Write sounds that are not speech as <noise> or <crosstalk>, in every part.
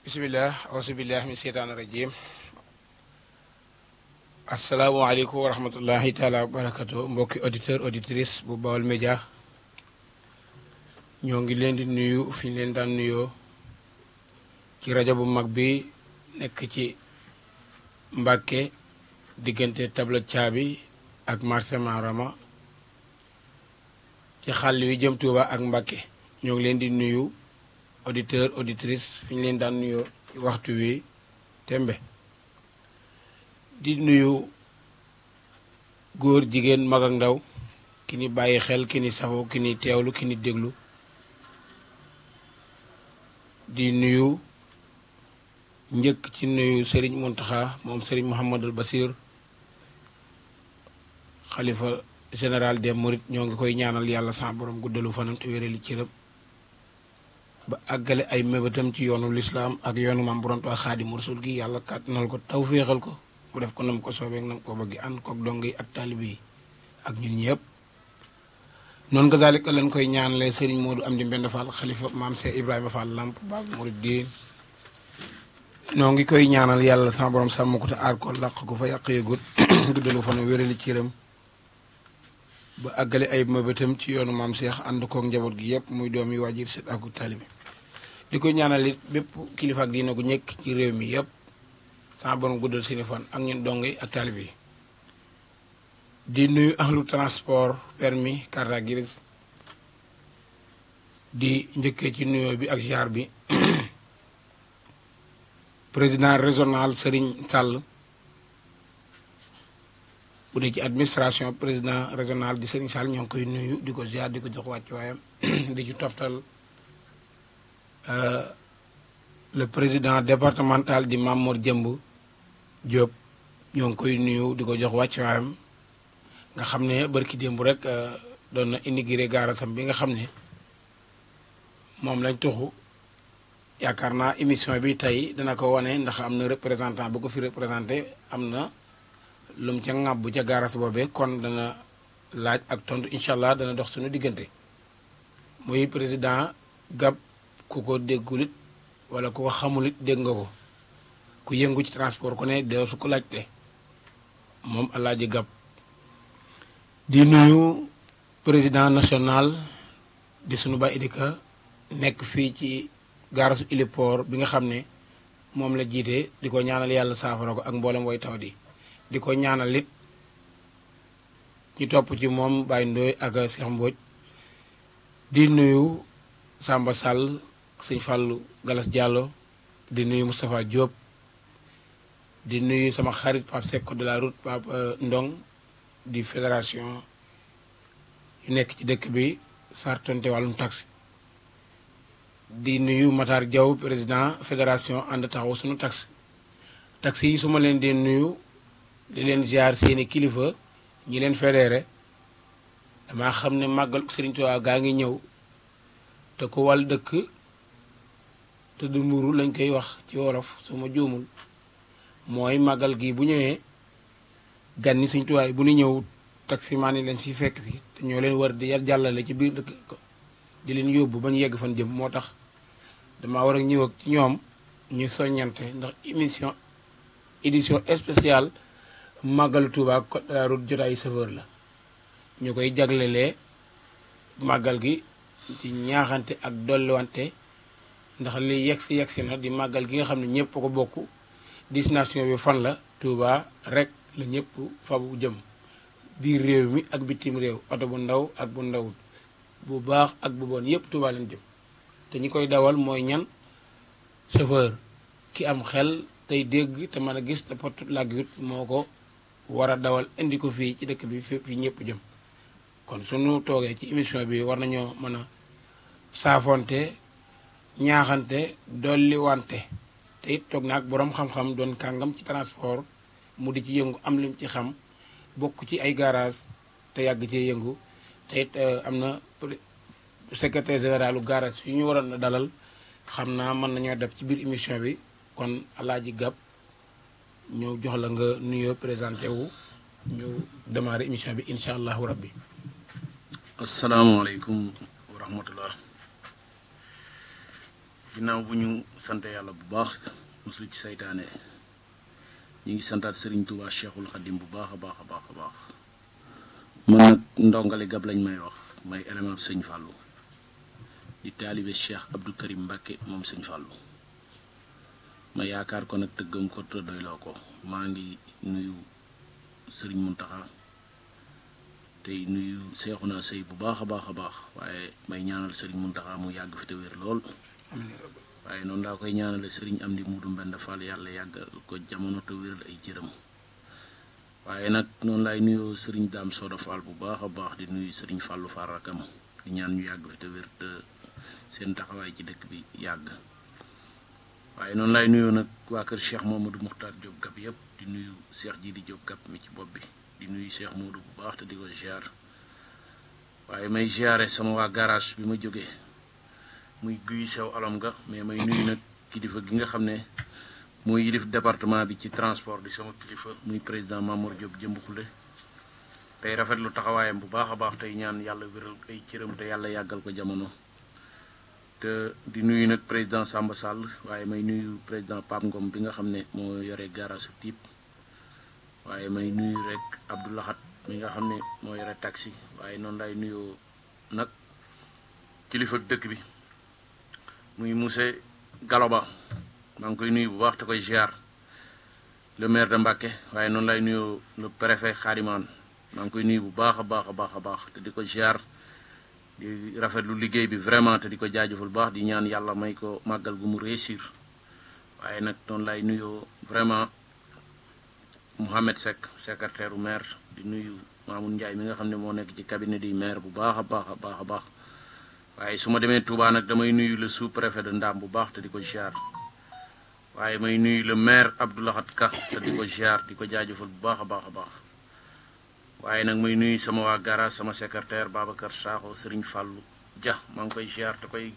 bisimilah ausubillah min seytaan rajim asalaamualeykum wa rahmatullahi taala wa barakatu mbokki auditeur auditrice bu Baol Média ñoo ngi leen di nuyu fi leen daan nuyoo ci rajo bu mag bi nekk ci Mbàkke diggante tabla caabi ak marché Marama ci xàll wi jëm Tuuba ak Mbàkke ñoo ngi leen di nuyu auditeur auditrice fiñ leen daan nuyoo waxtu wi tembe di nuyu góor jigéen mag ak ndaw ki ni bàyyi xel ki ni safoo ki ni teewlu ki ni déglu di nuyu njëkk ci nuyu Serigne montaxa moom sëriñ Mouhamadul Basir xalifa général des Mourides ñoo ngi koy ñaanal yàlla sa borom guddalu fanam te wéral li cëram ba àggale ay mébétam ci yoonu lislaam ak yoonu maam borom Tuubaa Xaadimu Rasuul gi yàlla kàttanal ko taw féexal ko mu def ko nam ko soobee nam ko bëgg ànd koog dong ak taalib yi ak ñun noonu nga zaalika koy ñaanale Serigne Modou Amdi Mbend Fall xalifa maam Cheikh Ibrahima Fall Lamp Baabul Muridiin noo ngi koy ñaanal yàlla sama borom sàmm ko te aar ko làq ko fa yàq yëgut <coughs> guddalu fan wérali ciiram ba àggale ay mébétam ci yoonu maam Cheikh ànd koog njaboot gi yëpp muy doom yi waajir set ak taalibe di ko ñaanal bépp kilifa ak diine gu ñekk ci réew mi yëpp sama borom guddal seeni fan ak ñun dong yi ak taalib di nuyu ahlu transport permis carte grise di njëkkee ci nuyoo bi ak ziar bi <coughs> président régional sëriñ Sall bu dee ci administration président régional di Serigne sal ñoo koy nuyu di ko ziar di ko jox wàccuwaayam <coughs> di ci toftal. Euh, le président départemental di Mamour Jëmb Diop ñoo ngi koy nuyu di ko jox wàccuwaayam nga xam ne barki démb rek euh, doon na indi inauguré gaarasam bi nga xam ne moom lañ tuxu yaakaar naa émission bi tey dana ko wane ndax am na représentant bu ko fi représenté am na lum ca ŋàbb ca gaaras boobe kon dana laaj ak tontu incha allah dana dox suñu diggante muy président Gab. ku ko déggul it wala ku ko xamul dégg nga ko ku yëngu ci transport ko ne doo su ko laajte moom Alaaji Gàpp di nuyu président national di sunu baay Idika nekk fii ci gaarasu héliport bi nga xam ne moom la jiite di ko ñaanal yàlla saafara ko ak mboolem way taw di di ko ñaanal it topp ci moom Baye Ndoye ak Cheikh Mbodj di nuyu Samba Sall sëñ Fallou Galas Diallo di nuyu Moustapha Diop di nuyu sama xarit Pape Seck de la route Pape euh, Ndong di fédération yu nekk ci dëkk bi sartonte wàllum taxi di nuyu Matar jaw président fédération ànd taxaw suñu taxi taxi yi su ma leen dee nuyu di leen ziar seeni kilifa ñi leen fédéré damaa xam ne màggal Sëriñ Tuubaa gaa ngi ñëw te ku wàll dëkk te du mburu lañ koy wax ci wolof su ma juumul mooy màggal gi bu ñëwee gan ñi suñ tuwaay bu ñu ñëw taximaan yi lañ si fekk si te ñoo leen war di jàllale ci biir dëkk di leen yóbbu ba ñu yegg fan jëm moo tax dama war a ñëw ak ci ñoom ñu soññante ndax émission édition spéciale màggalu Touba Côte d'Arôut jotaayu chauffeur la ñu koy jaglelee màggal gi ci ñaaxante ak dolliwante ndax li yegg si yegg si na di màggal gi nga xam ne ñëpp ko bokk destination bi fan la Touba rek la ñëpp fabu jëm biir réew mi ak bitim réew oto bu ndaw ak bu ndawut bu baax ak bu bon yëpp Touba lañ jëm te ñi koy dawal mooy ñan chauffeur ki am xel tey dégg te mën a gis te pot làggut moo ko war a dawal indi ko fii ci dëkk bi fi ñëpp jëm kon suñu toogee ci émission bi war nañoo mën a saafonte ñaaxante dolli wante te toog na ak boroom xam-xam doon kàngam ci transport mu di ci yëngu am lim ci xam bokk ci ay garage te yàgg cee yëngu te eh, am na secrétaire général u garage yu ñu waroon a dalal xam naa mën nañoo def ci biir émission bi kon Alaaji Gab ñëw jox la nga nuyoo présenté wu ñu démarrer émission bi incha allahu rabbi asalaamaaleykum wa ginnaaw bu ñu sant yàlla bu baax muslu ci seytaane ñu ngi santaat Serigne Touba Cheikhul Khadim bu baax a baax a baax a baax man nag ndongali gab lañ may wax may élément sëñ Fallou di taalibe Cheikh Abdou Karim Mbacke moom sëñ Fallou ma yaakaar ko nag tëggam ko te doyloo ko maa ngi nuyu sëriñ Mountakha tey nuyu seexu naa sëy bu baax a baax a baax waaye may ñaanal Serigne Mountakha mu yàgg fi te wér lool. waaye noonu laa koy ñaanale sëriñ am di Muudu Mbenda Fall yàlla yàggal ko jamono te wéral ay jërëm waaye nag noonu laay nuyoo sëriñ Daam Soda Fall bu baax a baax di nuyu sëriñ Fàllu Fall rakam di ñaan ñu yàgg fi te wér te seen taxawaay ci dëkk bi yàgg waaye noonu laay nuyoo nag waa kër Cheikh Mamadou Muxtaar Diop Gap yëpp di nuyu seex ji di Diop Gap mi ci bopp bi di nuyu Cheikh Mamadou bu baax te di ko ziar waaye may ziare sama waa garage bi ma jógee muy guy sew alom ga mais may nuyu nag kilifa gi nga xam ne mooy yilif département bi ci transport di sama kilifa muy président Mamour Diop jëmb xule tey rafetlu taxawaayam bu baax a baax tey ñaan yàlla wéral ay cëram te yàlla yàggal ko jamono te di nuyu nag président Samba Sall waaye may nuyu président Pape Ngom bi nga xam ne moo yore garage su waaye may nuyu rek Abdou Lahat mi nga xam ne moo yore taxi waaye noonu laay nuyoo nag kilifa dëkk bi muy monsieur Gallo Ba maa ngi koy nuyu bu baax te koy ziar le maire de Mbacké waaye noonu lay nuyoo le préfet Khadimane maa ngi koy nuyu bu baax a baax a baax a baax te di ko ziar di rafetlu liggéey bi vraiment te di ko jaajëfal bu baax di ñaan yàlla may ko màggal gu mu réussir waaye nag noonu lay nuyoo vraiment Mouhamed Seck secrétaire maire di nuyu Mamoun njaay mi nga xam ne moo nekk ci cabinet du maire bu baax a baax a baax a baax. waaye su ma demee Touba nag damay nuyu le sous-préfet de Ndaam bu baax te di ko ziar waaye may nuyu le maire Abdou Lahad Ka te di ko ziar di ko jaajëfal bu baax a baax a baax waaye nag may nuyu sama waa garage sama secrétaire Babacar Sakho Serigne Fallou jax maa ngi koy ziar te koy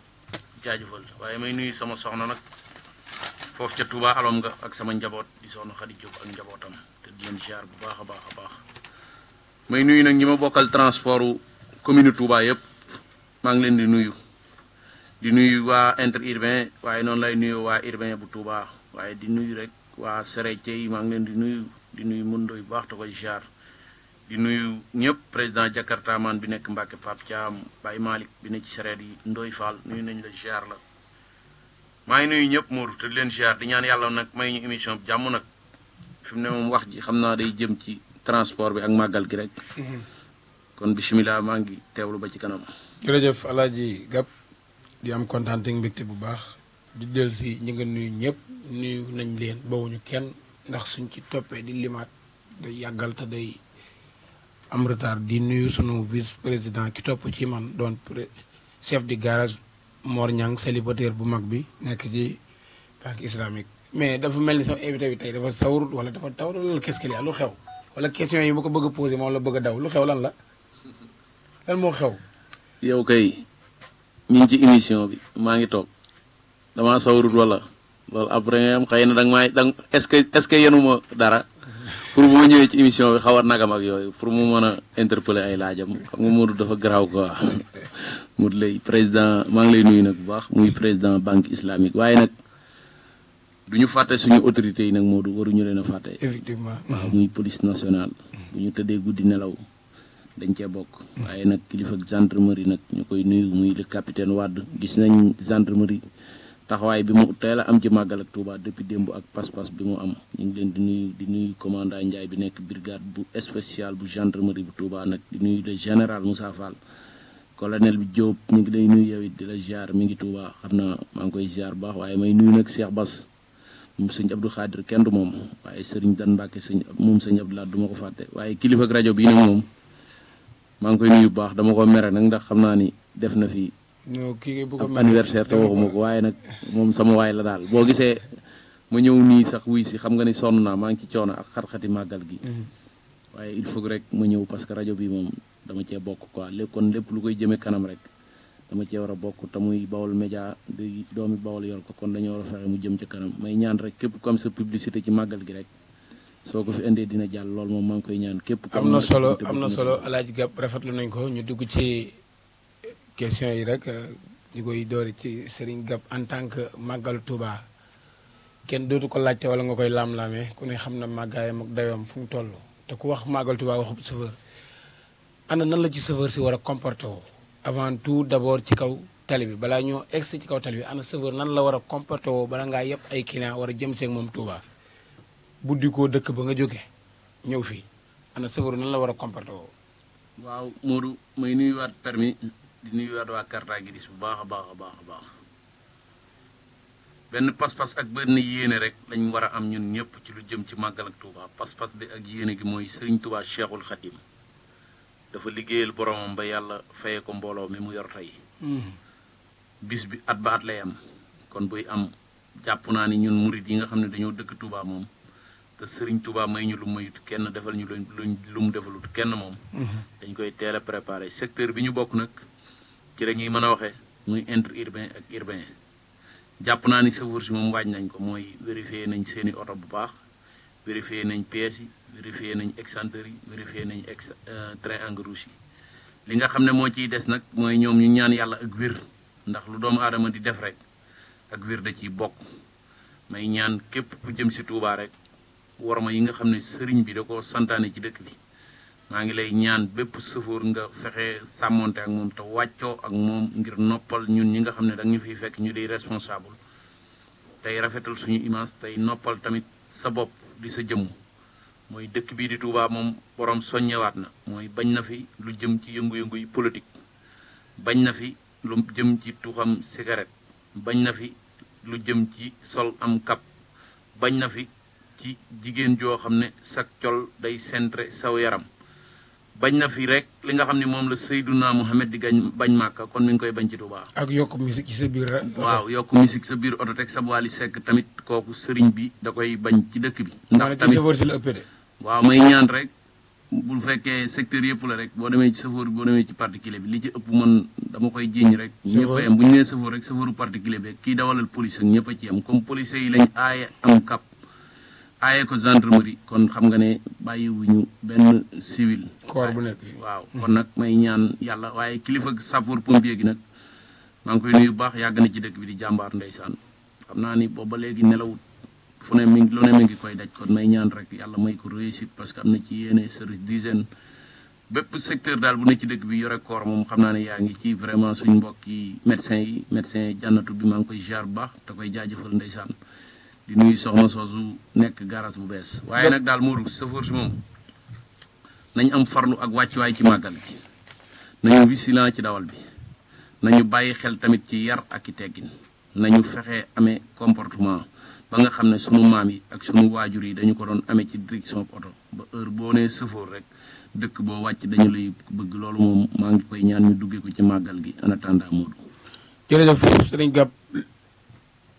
jaajëfal waaye may nuyu sama soxna nag foofu ca Touba alom nga ak sama njaboot di soxna Khady Diop ak njabootam te di leen ziar bu baax a baax a baax may nuyu nag ñi ma bokkal transportu commune Touba yëpp. maa ngi leen di nuyu di nuyu waa inter urbain waaye noonu lay nuyu waa urbain bu Touba waaye di nuyu rek waa serete yi maa ngi leen di nuyu di nuyu mëndoo yu baax te koy jaar di nuyu ñëpp président jakartamaan bi nekk Mbacke Pap Thiam Baye malik bi ne ci sereet yi Ndoy Fall nuyu nañ la jaar la maa ngi nuyu ñëpp Mour te leen jaar di ñaan yàlla nag may ñu émission bi jàmm nag fi mu ne moom wax ji xam naa day jëm ci transport bi ak màggal gi rek mhm. kon bisimilah maa ngi teewlu ba ci kanam jërëjëf Alaaji Gab di am kontaan ak mbégte bu baax di dellu si ñi nga nuyu ñëpp nuyu nañ leen bawuñu kenn ndax suñ ci toppee di limaat day yàggal te day am retard di nuyu sunu vice président ki topp ci man doon chef du garage Mor Niang célibataire bu mag bi nekk ci banque islamique. mais dafa mel ni sama invité bi tey dafa sawur wala dafa taw loolu qu'est-ce a lu xew wala question yi ma ko bëgg posé moom la bëgg a daw lu xew lan la lan moo xew. yow kay ñu ngi ci émission bi maa ngi toog damaa sawarut wala loolu après xëy na danga maa danga est-ce que est-ce que yenuma dara pour bu ma ñëwee ci émission bi xaw a nagam ak yooyu pour mu mën a interpeller ay laajam xam nga Modou dafa garaaw quoi <laughs> Modou lay président maa ngi lay nuyu nag bu baax muy président banque islamique waaye nag du ñu fàtte suñu autorités yi nag moo Modou waruñu leen a fàtte. effectivement waaw muy police nationale mm. bu ñu tëddee guddi nelaw. dañ cee bokk waaye nag kilifa gendarmerie nag ñu koy nuyu muy le capitaine wadd gis nañ gendarmerie taxawaay bi mu teel a am ci màggal ak Touba depuis démb ak pas-pas bi mu am ñu ngi leen di nuyu di nuyu commandant Ndiaye bi nekk brigade bu spéciale bu gendarmerie bu Touba nag di nuyu le général Moussa Fall colonel bi Diop ñu ngi lay nuyu yow it di la ziar mi ngi Touba xam naa maa ngi koy ziar baax waaye may nuyu nag Cheikh Bass moom sëñ Abdou Khadir kenn du moom waaye Serigne Dan Mbacke sëñ moom sëñ Abdoulaye du ma ko fàtte waaye kilifa ak rajo bii moom. maa ngi koy nuyu bu baax dama ko mere nag ndax xam naa ni def na fi. am anniversaire te waxuma ko waaye nag moom sama waay la daal boo gisee ma ñëw nii sax wuy si xam nga ni sonn naa maa ngi ci coono ak xarxati màggal gi. Mhm. waaye il faut rek ma ñëw parce que rajo bi moom dama cee bokk quoi lépp kon lépp lu koy jëmee kanam rek dama cee war a bokk te muy bawol média di doomi bawol yor ko kon dañoo war a fexe mu jëm ca kanam may ñaan rek képp comme sa publicité ci màggal gi rek. soo ko fi indee dina jàll lool moom maa ngi koy ñaan képp. am na solo am na solo alaaj Gab rafetlu nañ ko ñu dugg ci question yi rek euh, di koy doori ci Serigne Gab en tant que màggal Touba kenn dootu ko laajte wala nga koy laam-laamee ku ne xam na màggaayam ak dayoom fu mu toll te ku wax màggal Touba waxub chauffeur ana nan la ci chauffeur si war a comporté woo avant tout d'abord ci kaw. tali bi balaa ñoo egsi ci kaw tali bi ana chauffeur nan la war a comporté woo bala ngaa yëpp ay client war a jëm seeg moom Touba. buddi ko dëkk ba nga jóge ñëw fii am na sëfaru nan la war a comporté woo waaw Modou mooy nuyuwaat permi di nuyuwaat waa Carta Gris bu baax a baax a baax a baax benn pas-pas ak benn yéene rek lañ war a am ñun ñëpp ci lu jëm ci màggal ak Touba pas-pas bi ak yéene gi mooy Serigne Touba Cheikhul Khadim dafa liggéeyal boromam ba yàlla faye ko mbooloo mi mu yor tey hmm. bis bi at ba at lay kon buy am jàpp naa ni ñun murit yi nga xam ne dañoo dëkk Touba moom te sëriñ Touba may ñu lu mayut kenn defal ñu luñ lu mu defalut kenn moom. Mhm. dañ koy teel a secteur bi ñu bokk nag ci la ñuy mën a waxee muy interurbain ak irbain jàpp naa ni savour si moom waaj nañ ko mooy vérifier nañ seen i oto bu baax vérifier nañ pièces yi vérifier nañ excentre yi vérifier nañ ex euh, triangle rouge yi li nga xam ne moo ciy des nag mooy ñoom ñu ñaan yàlla ak wér ndax lu doomu aadama di def rek ak wér da ciy bokk may ñaan képp ku jëm si Touba rek. warma yi nga xam ne sëriñ bi da ko santaane ci dëkk bi maa ngi lay ñaan bépp sëfoor nga fexe sàmmonte ak moom te wàccoo ak moom ngir noppal ñun ñi nga xam ne da ñu fi fekk ñu di responsable tey rafetal suñu image tey noppal tamit sa bopp di sa jëmm mooy dëkk bii di Touba moom borom soññewaat na mooy bañ na fi lu jëm ci yëngu-yëngu yi politique bañ na fi lu jëm ci tuxam cigarette bañ na fi lu jëm ci sol am kap bañ na fi ci jigéen joo xam ne sak col day sentre saw yaram bañ na fi rek li nga xam ne moom la Seydouna Mohamed di gañ bañ màkka kon mi ngi koy bañ ci Touba. ak yokk musique sa biir waaw yokk musique sa biir oto teg sa Wally Seck tamit kooku sëriñ bi da koy bañ ci dëkk bi. ndax tamit waaw may ñaan rek. bu fekkee secteur yëpp la rek boo demee ci safoor bi boo demee ci particulier bi li ci ëpp man dama koy jiiñ rek ñëpp a yem bu ñu nee safoor rek safooru particulier bi kii dawalal police ak yi lañ aaye ko gendarmerie kon xam nga ne bàyyiwuñu benn siwil koor bu nekk waaw kon nag may ñaan yàlla waaye kilifa sapeur pompier gi nag maa ngi koy nuyu baax yàgg na ci dëkk bi di jàmbaar ndeysaan xam naa ni booba léegi nelawut fu ne mi ngi lu ne mi ngi koy daj kon may ñaan rek yàlla may ko réussite parce que am na ci yéene service d'hygiène bépp secteur daal bu ne ci dëkk bi yore koor moom xam naa ne yaa ngi ci vraiment suñ mbokk yi médecins yi médecin jànnatu bi maa ngi koy jaar bu baax koy jaajëfal ndeysaan di nuyu soxna soosu nekk garas bu bees waaye nag daal Modou chauffeur si moom nañ am farlu ak wàccuwaay ci màggal gi nañu vigilant ci dawal bi nañu bàyyi xel tamit ci yar ak i teggin nañu fexe amee comportement ba nga xam ne sunu maam yi ak sunu waajur yi dañu ko doon amee ci direction oto ba heure boo nee chauffeur rek dëkk boo wàcc dañu lay bëgg loolu moom maa ngi koy ñaan ñu duggee ci màggal gi en attendant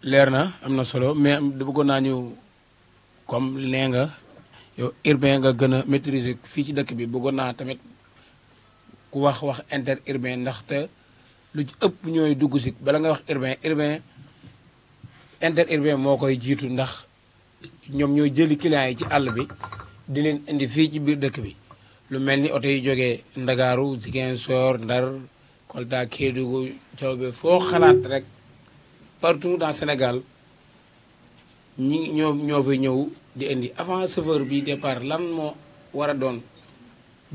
leer na am na solo mais bëggoon naa ñëw comme nee nga yow urbain nga gën a maîtriser fii ci dëkk bi bëggoon naa tamit ku wax wax inter urbain ndaxte lu ëpp ñooy dugg si bala nga wax urbain urbain inter urbain moo koy jiitu ndax ñoom ñooy jëli clients yi ci àll bi di leen indi fii ci biir dëkk bi lu mel ni oto yi jógee Ndakaaru soor Ndar Kolda Kédougou Diaobé foo xalaat rek partout dans Sénégal ñi ñoo ñoo fa ñëw di indi avant chauffeur bi départ lan moo war a doon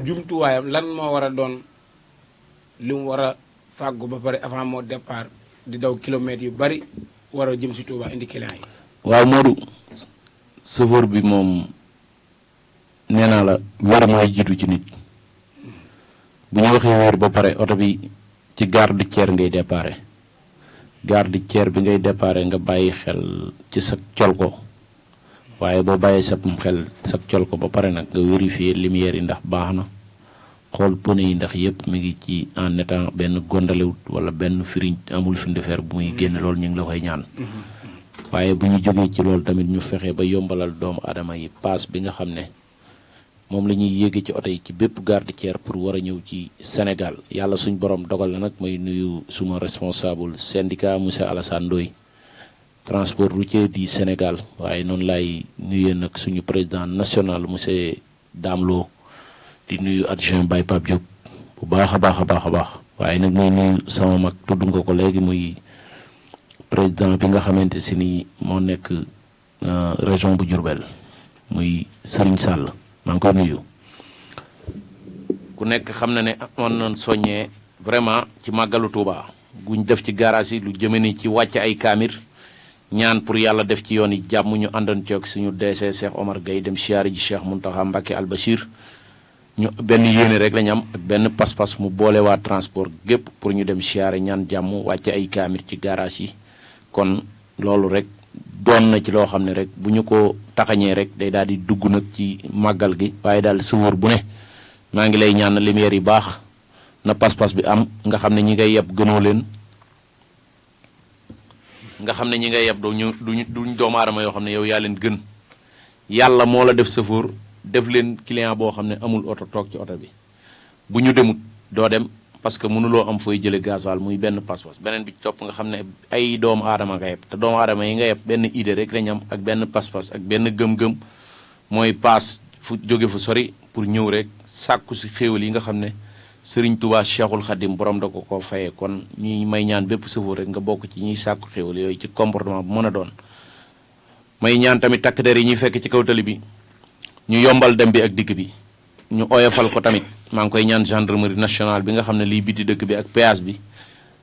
jumtuwaayam lan moo war a doon li mu war a fàggu ba pare avant moo départ di daw kilomètres yu bari war a jëm si Touba indi client yi. waaw Modou chauffeur bi moom nee naa la wér mooy jiitu ci nit bu ñu waxee wér ba pare oto bi ci gare routière ngay déparé. gare du bi ngay déparé nga bàyyi xel ci sa col ko waaye boo bàyyee sa xel sa col ko ba pare nag nga vérifier lumière yi ndax baax na xool pneu yi ndax yëpp mu ngi ci en état benn gondalewut wala benn firiñ amul fin de fer bu muy génn loolu ñu ngi la koy ñaan mm-hmm. waaye bu ñu jógee ci loolu tamit ñu fexe ba yombalal doomu aadama yi paas bi nga xam ne moom la ñuy yéege ci oto yi ci bépp gare routière pour war a ñëw ci Sénégal yàlla suñ borom dogal na nag may nuyu suma responsable syndicat monsieur Alassane Ndoye transport routier du Sénégal waaye noonu laay nuyee nag suñu président national monsieur Dame di nuyu adjoint Baye Pape Diop bu baax a baax a baax a baax waaye nag may nuyu sama mag tudd ko léegi muy président bi nga xamante si ni moo nekk euh, région bu Diourbel muy Serigne Sall. maa ngi koy ku nekk xam na ne amoon na soññee vraiment ci màggalu Touba guñ def ci garage yi lu jëme ni ci wàcce ay kaamir ñaan pour yàlla def ci yoon yi jàmm ñu àndoon suñu DC Cheikh Omar Gueye dem siyaare ji Cheikh Mountakha Mbacké Al Bachir ñu benn yéene rek lañ am ak benn pas-pas mu boole waa transport gépp pour ñu dem siyaare ñaan jàmm wàcc ay kaamir ci garage yi kon loolu rek doon na ci loo xam ne rek bu ñu ko taxañee rek day daal di dugg nag ci màggal gi waaye daal sëfoor bu ne maa ngi lay ñaan lumière yi baax na pas-pas bi am nga xam ne ñi ngay yeb gënoo leen nga xam ne ñi ngay yeb duñu duñu duñ doomu yoo xam ne yow yaa leen gën yàlla moo la def sëfoor def leen client boo xam ne amul oto toog ci oto bi bu ñu demut doo dem parce que mënuloo am fooy jële gasoil muy benn pas-pas beneen bi ci topp nga xam ne ay doomu aadama nga yeb te doom aadama yi nga yeb benn idée rek lañ am ak benn pas-pas ak benn gëm-gëm mooy paas fu jóge fu sori pour ñëw rek sàkku si xéewal yi nga xam ne sëriñ tubaa cheikhul xadim borom da ko ko fayee kon ñuy may ñaan bépp sëfoo rek nga bokk ci ñuy sàkku xéewal yooyu ci comportement bu mën a doon may ñaan tamit takk der yi ñuy fekk ci kaw tali bi ñu yombal dem bi ak digg bi ñu oyofal ko tamit maa ngi koy ñaan gendarmerie nationale bi nga xam ne liy biti dëkk bi ak péage bi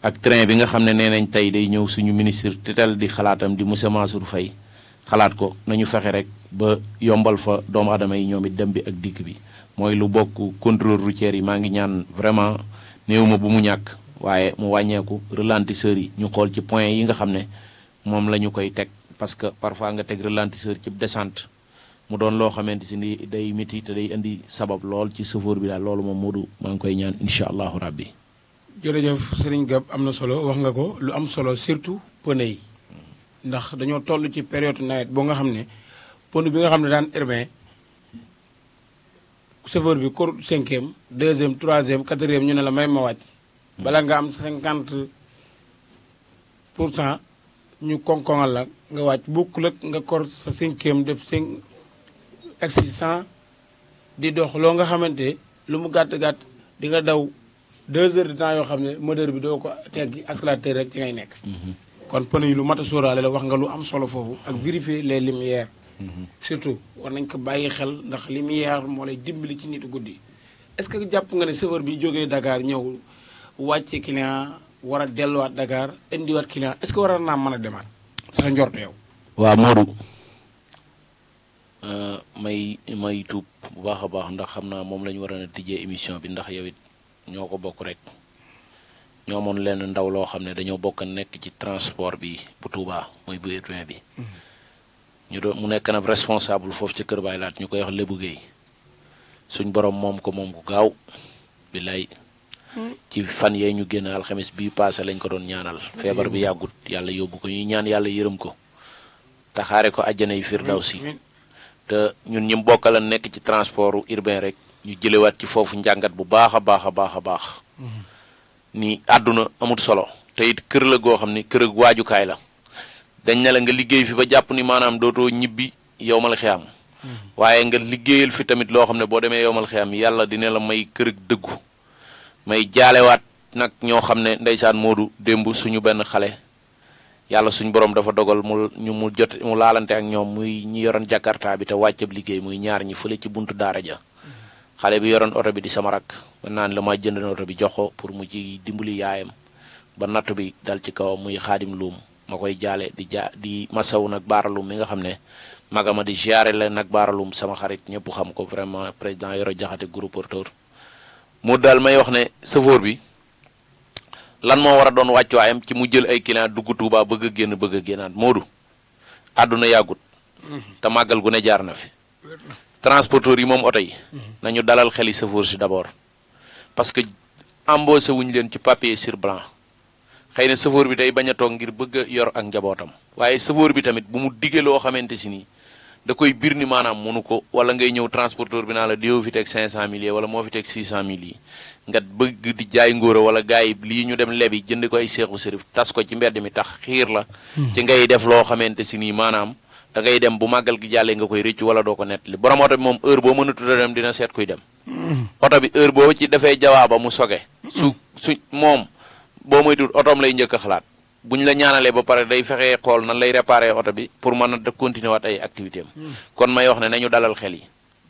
ak train bi nga xam ne nee nañ tey day ñëw suñu ministre tutelle di xalaatam di monsieur Mansour Faye xalaat ko nañu fexe rek ba yombal fa doomu aadama yi ñoom dem bi ak dikk bi mooy lu bokk contrôle routier yi maa ngi ñaan vraiment néew ma bu mu ñàkk waaye mu wàññeeku ralentisseurs yi ñu xool ci point yi nga xam ne moom la ñu koy teg parce que parfois nga teg ralentisseur ci descente mu doon loo xamante si ni day métti te day indi sabab lool ci sëfoor bi daal loolu moom Modou maa ngi koy ñaan incha allahu rabbi. jërëjëf Serigne Gab am na solo wax nga ko lu am solo surtout pneu yi ndax dañoo toll ci période nawet boo nga xam ne pneu bi nga xam ne daan urbain chauffeur bi cour cinquième deuxième troisième quatrième ñu ne la may ma wàcc. bala nga am cinquante pour cent ñu konkongal la nga wàcc bokkul ak nga kor sa cinquième def cinq. egsi cent di dox loo nga xamante lu mu gàtt-gàtt di nga daw deux heures de temps yoo xam ne moteur bi doo ko teggi accélérateur rek ci ngay nekk mhm. kon pneu yi lu mat a sóoraale la wax nga lu am solo foofu ak vérifier les lumières mhm. surtout war nañ ko bàyyi xel ndax lumière moo lay dimbali ci nit guddi est-ce que jàpp nga ne chauffeur bi jógee dakaar ñëw wàcce client war a delluwaat Dakar indiwaat client est-ce que war naa mën a demaat sa njort yow waaw Modou Euh, may may tuub bu baax a baax ndax xam naa moom lañu ñu waroon a tijjee émission bi ndax yow ñoo ko bokk rek ñoo moon lenn ndaw loo xam ne dañoo bokk nekk ci transport bi bu Touba mooy bu urbain bi. Mm-hmm. ñu doon mu nekk nag responsable foofu ci Kër Baay Laat ñu koy wax Lebu géey suñ boroom moom ko moom ku gaaw billaay mm-hmm. ci fan yee ñu génn alxames bi paase lañ ko doon ñaanal. feebar bi mm-hmm. yàggut yàlla yóbbu ko ñuy ñaan yàlla yërëm ko. taxaare ko àjjana yi firdawsi te ñun ñim bokkal a nekk ci transport urbain rek ñu jëlewaat ci foofu njàngat bu baax a baax a baax a baax mhm. ni àdduna amut solo te it kër la goo xam ni kër ak waajukaay la dañ ne la nga liggéey fi ba jàpp ni maanaam dootoo ñibbi yow mal xiyaam mhm. waaye nga liggéeyal fi tamit loo xam ne boo demee yowmal xiyaam yàlla dina la may kër ak dëggu may jaalewaat nag ñoo xam ne ndeysaan moodu démb suñu benn xale yàlla suñ borom dafa dogal mu ñu mu jot mu laalante ak ñoom muy ñi yoroon jakarta bi te wàccab liggéey muy ñaar ñi fële ci buntu daara ja xale bi yoroon oto bi di sama rak mën naan ne ma maa jëndoon oto bi jox ko pour mu ci dimbali yaayam ba natt bi dal ci kawam muy xaadim luum ma koy jaale di ja di masawu nag baaralum mi nga xam ne magama di ziare la nag baaralum sama xarit ñëpp xam ko vraiment président yoro jaxate groupe porteur mu daal may wax ne sëfoor bi lan moo war a doon wàccuwaayam ci mu jël ay client dugg Touba bëgg a génn bëgg a génnaat Moodu àdduna yàggut mhm. te màggal gu ne jaar na fi transporteur yi moom oto yi mhm. nañu dalal xeli chauffeur si d'abord parce que embauché wuñu leen ci papier sur blanc xëy na chauffeur bi day bañ a toog ngir bëgg a yor ak njabootam waaye chauffeur bi tamit bu mu digee loo xamante si nii da koy bir ni maanaam mënu ko wala ngay ñëw transporteur bi naa la déew fi teg 500000 yi wala moo fi teg 600000 yi nga bëgg di jaay ngóora wala gars yi lii ñu dem lebi jënd ko ay seexu sërif tas ko ci mbedd mi tax xiir la. Hmm. ci ngay def loo xamante si nii maanaam da ngay dem bu màggal gi jàllee nga koy rëcc wala doo ko nettali borom oto bi moom heure boo mënatut a dem dina seet kuy dem. Hmm. oto bi heure boo ci dafay jawaaba mu soge. su su moom boo moytuwul otoom lay njëkk a xalaat. bu ñu la ñaanalee ba pare day fexe xool na lay réparer oto bi pour mën a continuer waat ay activité am hmm. kon may wax ne nañu dalal xel yi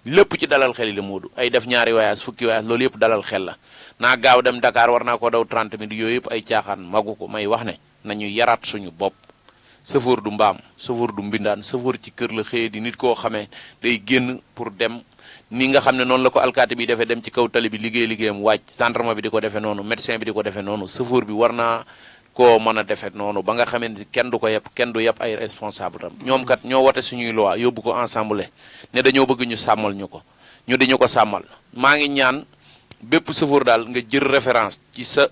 lépp ci dalal xel yi la moodu ay def ñaari voyage fukki voyage loolu yëpp dalal xel la naa gaaw dem Dakar war naa ko daw 30 minutes yooyu yëpp ay caaxaan magu ko may wax ne nañu yaraat suñu bopp sëfoor du mbaam sëfoor du mbindaan sëfoor ci kër la xëyee di nit koo xamee day génn pour dem ni nga xam ne noonu la ko alkaati bi defee dem ci kaw tali bi liggéey liggéeyam wàcc bi di ko defee noonu bi di ko defee noonu sëfoor bi war naa koo mën a defet noonu ba nga xamante ni kenn du ko yëpp kenn du yëpp ay responsable am ñoom kat ñoo wote suñuy loi yóbbu ko ensemble ne dañoo bëgg ñu sàmmal ñu ko ñu di ñu ko sàmmal maa ngi ñaan bépp sëfoor daal nga jël référence ci sa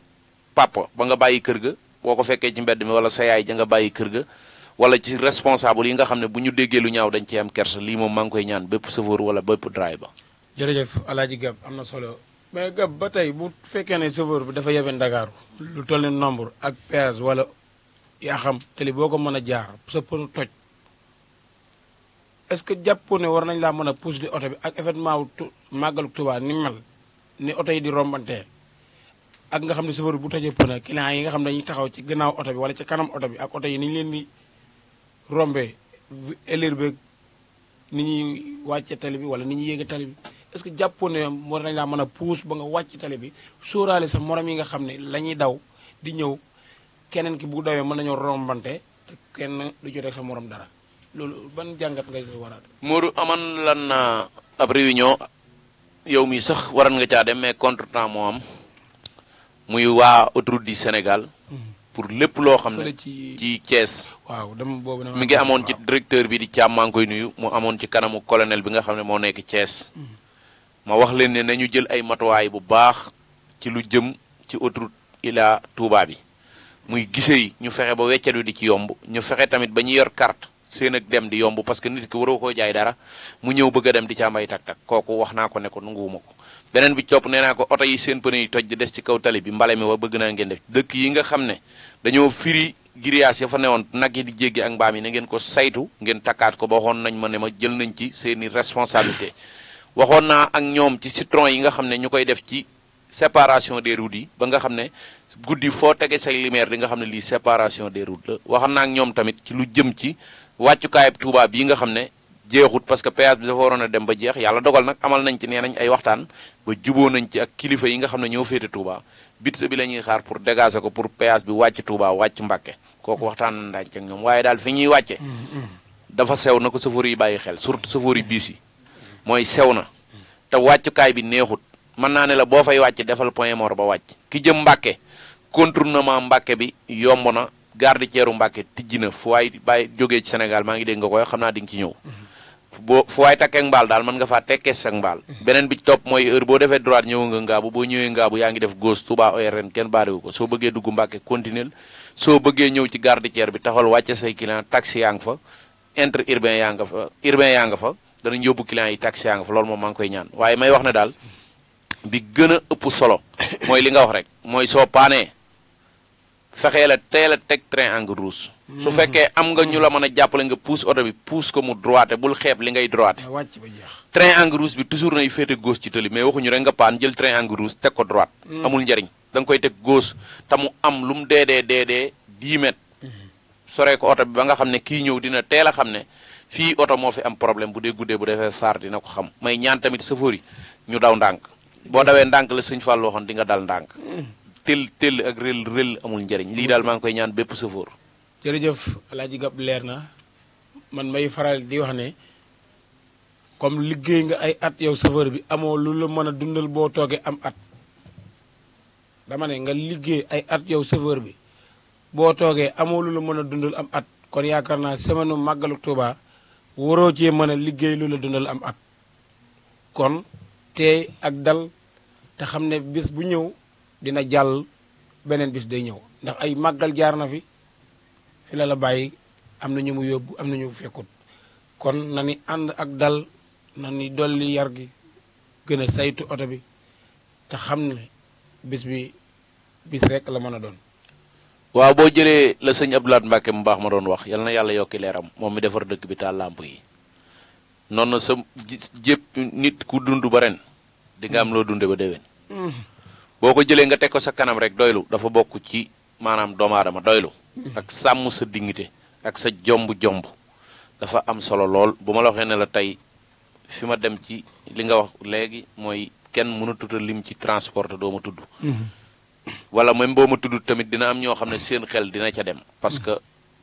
papa ba nga bàyyi kër ga boo ko fekkee ci mbedd mi wala sa yaay ja nga bàyyi kër ga wala ci responsable yi nga xam ne bu ñu déggee lu ñaaw dañ ci am kersa lii moom maa ngi koy ñaan bépp sëfoor wala bépp driver ba jërëjëf Alaaji mais gab ba tey bu fekkee ne chauffeur bi dafa yebe Ndakaaru lu toll ni nombre ak péage wala yaa xam tali boo ko mën a jaar sa pneu toj est-ce que jàppoo ne war nañ laa mën a pousse di oto bi ak événement wu màggalu Tuubaa ni mel ni oto yi di rombantee ak nga xam ne chauffeur bu tojee pneu client yi nga xam ne dañuy taxaw ci gannaaw oto bi wala ci kanam oto bi ak oto yi ni ñu leen di rombee élire beeg ni ñuy wàcce tali bi wala ni ñuy yéege tali bi est que jàppoon ne war nañ laa mën a puus ba nga wàcc tali bi sóoraale sa morom yi nga xam ne la ñuy daw di ñëw keneen ki bu dawee mën nañoo rombante te kenn du jotee sa morom dara loolu ban jàngat nga waraat. Modou aman lan na uh, ab réunion yow mii sax waran nga caa dem mais contretemps moo am muy waa autoroute du Sénégal. Mhm. pour lépp loo xam ne ci Thiès. waaw dem boobu mi ngi amoon ci directeur bi di Thiam maa ngi koy nuyu mu amoon ci kanamu colonel bi nga xam ne moo nekk Thiès. Mhm. ma wax leen ne nañu jël ay matuwaay bu baax ci lu jëm ci autoroute Ila Touba bi muy gisee yi ñu fexe ba weccat wi di ci yomb ñu fexe tamit ba ñu yor carte seen ak dem di yomb parce que nit ki waroo koo jaay dara mu ñëw bëgg a dem di ca am ay tak-tak kooku wax naa ko ne ko nanguwuma ko beneen bi cop nee naa ko oto yi seen pneu yi toj di des ci kaw tali bi mbale mi wa bëgg naa ngeen def dëkk yi nga xam ne dañoo firi grillage ya fa newoon nag yi di jéggi ak mbaam yi na ko saytu ngeen takkaat ko ba waxoon nañ ma ne ma jël nañ ci seeni responsabilité waxoon naa ak ñoom ci citron yi nga xam ne ñu koy def ci séparation des routes yi ba nga xam ne guddi foo tege sa lumière di nga xam ne lii séparation des routes la waxoon na ak ñoom tamit ci lu jëm ci wàccukaayub Touba bii nga xam ne jeexut parce que péage bi dafa waroon a dem ba jeex yàlla dogal nag amal nañ ci nee nañ ay waxtaan ba juboo nañ ci ak kilifa yi nga xam ne ñoo féete Touba bitse bi la ñuy xaar pour dégager ko pour péage bi wàcc Touba wàcc Mbàkke kooku waxtaan nañ ñoom waaye daal fi ñuy wàcce mm-hmm. dafa sew na ko chauffeur yi bàyyi xel surtout chauffeur yi biis mooy sew na te wàccukaay bi neexut mën naa ne la boo fay wàcc defal point mort ba wàcc ki jëm Mbàkke contournement Mbàkke bi yomb na garde ceeru Mbàkke tijji na fu waay bàyyi jógee ci Sénégal maa ngi dégg nga koy xam naa di nga ci ñëw boo fu waay takkee mbaal daal mën nga faa tekkee sa mbaal beneen bi ci topp mooy heure boo defee droite ñëw nga ngaabu boo ñëwee ngaabu yaa ngi def gauche Touba ORN kenn baariwu ko soo bëggee dugg Mbàkke continuel soo bëggee ñëw ci garde bi taxal wàcce say client taxi yaa fa inter urbain yaa nga fa urbain yaa nga fa danañ yóbbu client yi taxi yaa nga fa loolu moom maa ngi koy ñaan waaye may wax ne daal bi gën a ëpp solo mooy li nga wax rek mooy soo paanee fexee la teel a teg train angle rouge su mm. fekkee am nga ñu la mën a jàppale nga pousse oto bi pousse ko mu droite bul xeeb li ngay droite ah, train angle rouge bi toujours nay féete gauche ci tëli mais waxuñu rek nga paan jël train angle rouge teg ko droite mm. amul njariñ da nga koy teg goos te mu am lu mu dee deedee 10 mètres mm-hmm. soree ko oto bi ba nga xam ne kii ñëw dina teel a xam ne fii oto moo fi am problème bu dee guddee bu defee faar dina ko xam may ñaan tamit sëfoor yi ñu daw ndànk boo dawee ndànk la sëñ Fall waxoon di nga dal ndànk tëll tëll ak rël rël amul njëriñ lii daal maa ngi koy ñaan bépp sëfoor jërëjëf alaaji Gab leer na man may faral di wax ne comme liggéey nga ay at yow sëfoor bi amoo lu la mën a dundal boo toogee am at dama ne nga liggéey ay at yow sëfoor bi boo toogee amoo lu la mën a dundal am at kon yaakaar naa semaine màggalu Tuuba waroo cee mën a liggéey lu la dundal am at kon te ak dal te xam ne bis bu ñëw dina jàll beneen bis day ñëw ndax ay màggal jaar na fi fi la la bàyyi am na ñu mu yóbbu am na ñu mu fekkut kon na ni ànd ak dal na ni dolli yar gi gën a saytu oto bi te xam ne bis bi bis rekk la mën a doon waaw boo jëlee la sëñ Abdou Lahad Mbacke mu baax ma doon wax yal na yàlla yokki leeram moom mi defar dëkk bi taal làmp yi noonu sa jépp nit ku dund ba ren di nga am loo dunde ba déwén mm-hmm. boo ko jëlee nga teg ko sa kanam rek doylu dafa bokk ci maanaam doomu aadama doylu mm-hmm. ak sàmm sa dignité ak sa jomb-jomb dafa am solo lool bu ma la waxee ne la tey fi ma dem ci li nga wax léegi mooy kenn mënatuta lim ci transport doo ma tudd mm-hmm. wala même boo ma tudd tamit dina am ñoo xam ne seen xel dina ca dem. parce que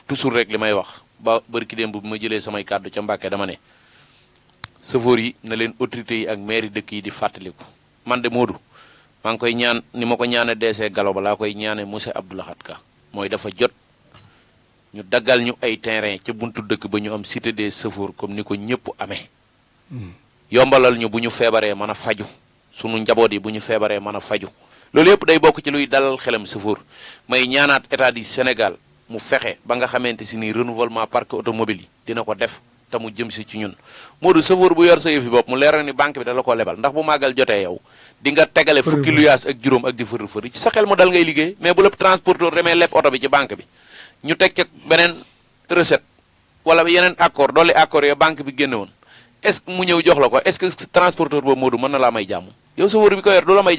toujours rek li may wax ba barki démb mbubu ma jëlee samay kàddu ca Mbàkke dama ne sëfoor yi na leen autorités yi ak maire dëkk yi di fàttaliku. man de Modou maa ngi koy ñaan ni ma ko ñaane deese Gallo ba laa koy ñaane monsieur Abdou Lahad Ka mooy dafa jot ñu daggal ñu ay terrain ca buntu dëkk ba ñu am cité des sëfoor comme ni ko ñëpp amee. Hmm. yombalal ñu bu ñu feebaree mën a faju sunu njaboot yi bu ñu feebaree mën a faju loolu yëpp day bokk ci luy dalal xelam sëfoor may ñaanaat état du Sénégal mu fexe ba nga xamante si ni renouvellement parc automobile yi dina ko def te mu jëm si ci ñun Modou sëfoor bu yor sa yëf yi bopp mu leeral ni banque bi da la ko lebal ndax bu màggal jotee yow di nga tegale fukki luyaas ak juróom ak di fër fër sa xel mu dal ngay liggéey mais bu lépp transporteur demee lepp oto bi ci banque bi ñu teg ca beneen recette wala yeneen accord dolli accord ya banque bi génne woon mu ñëw jox la ko est-ce que transporteur boobu Modou mën na laa may jàmm yow sëfoor bi ko yor du la may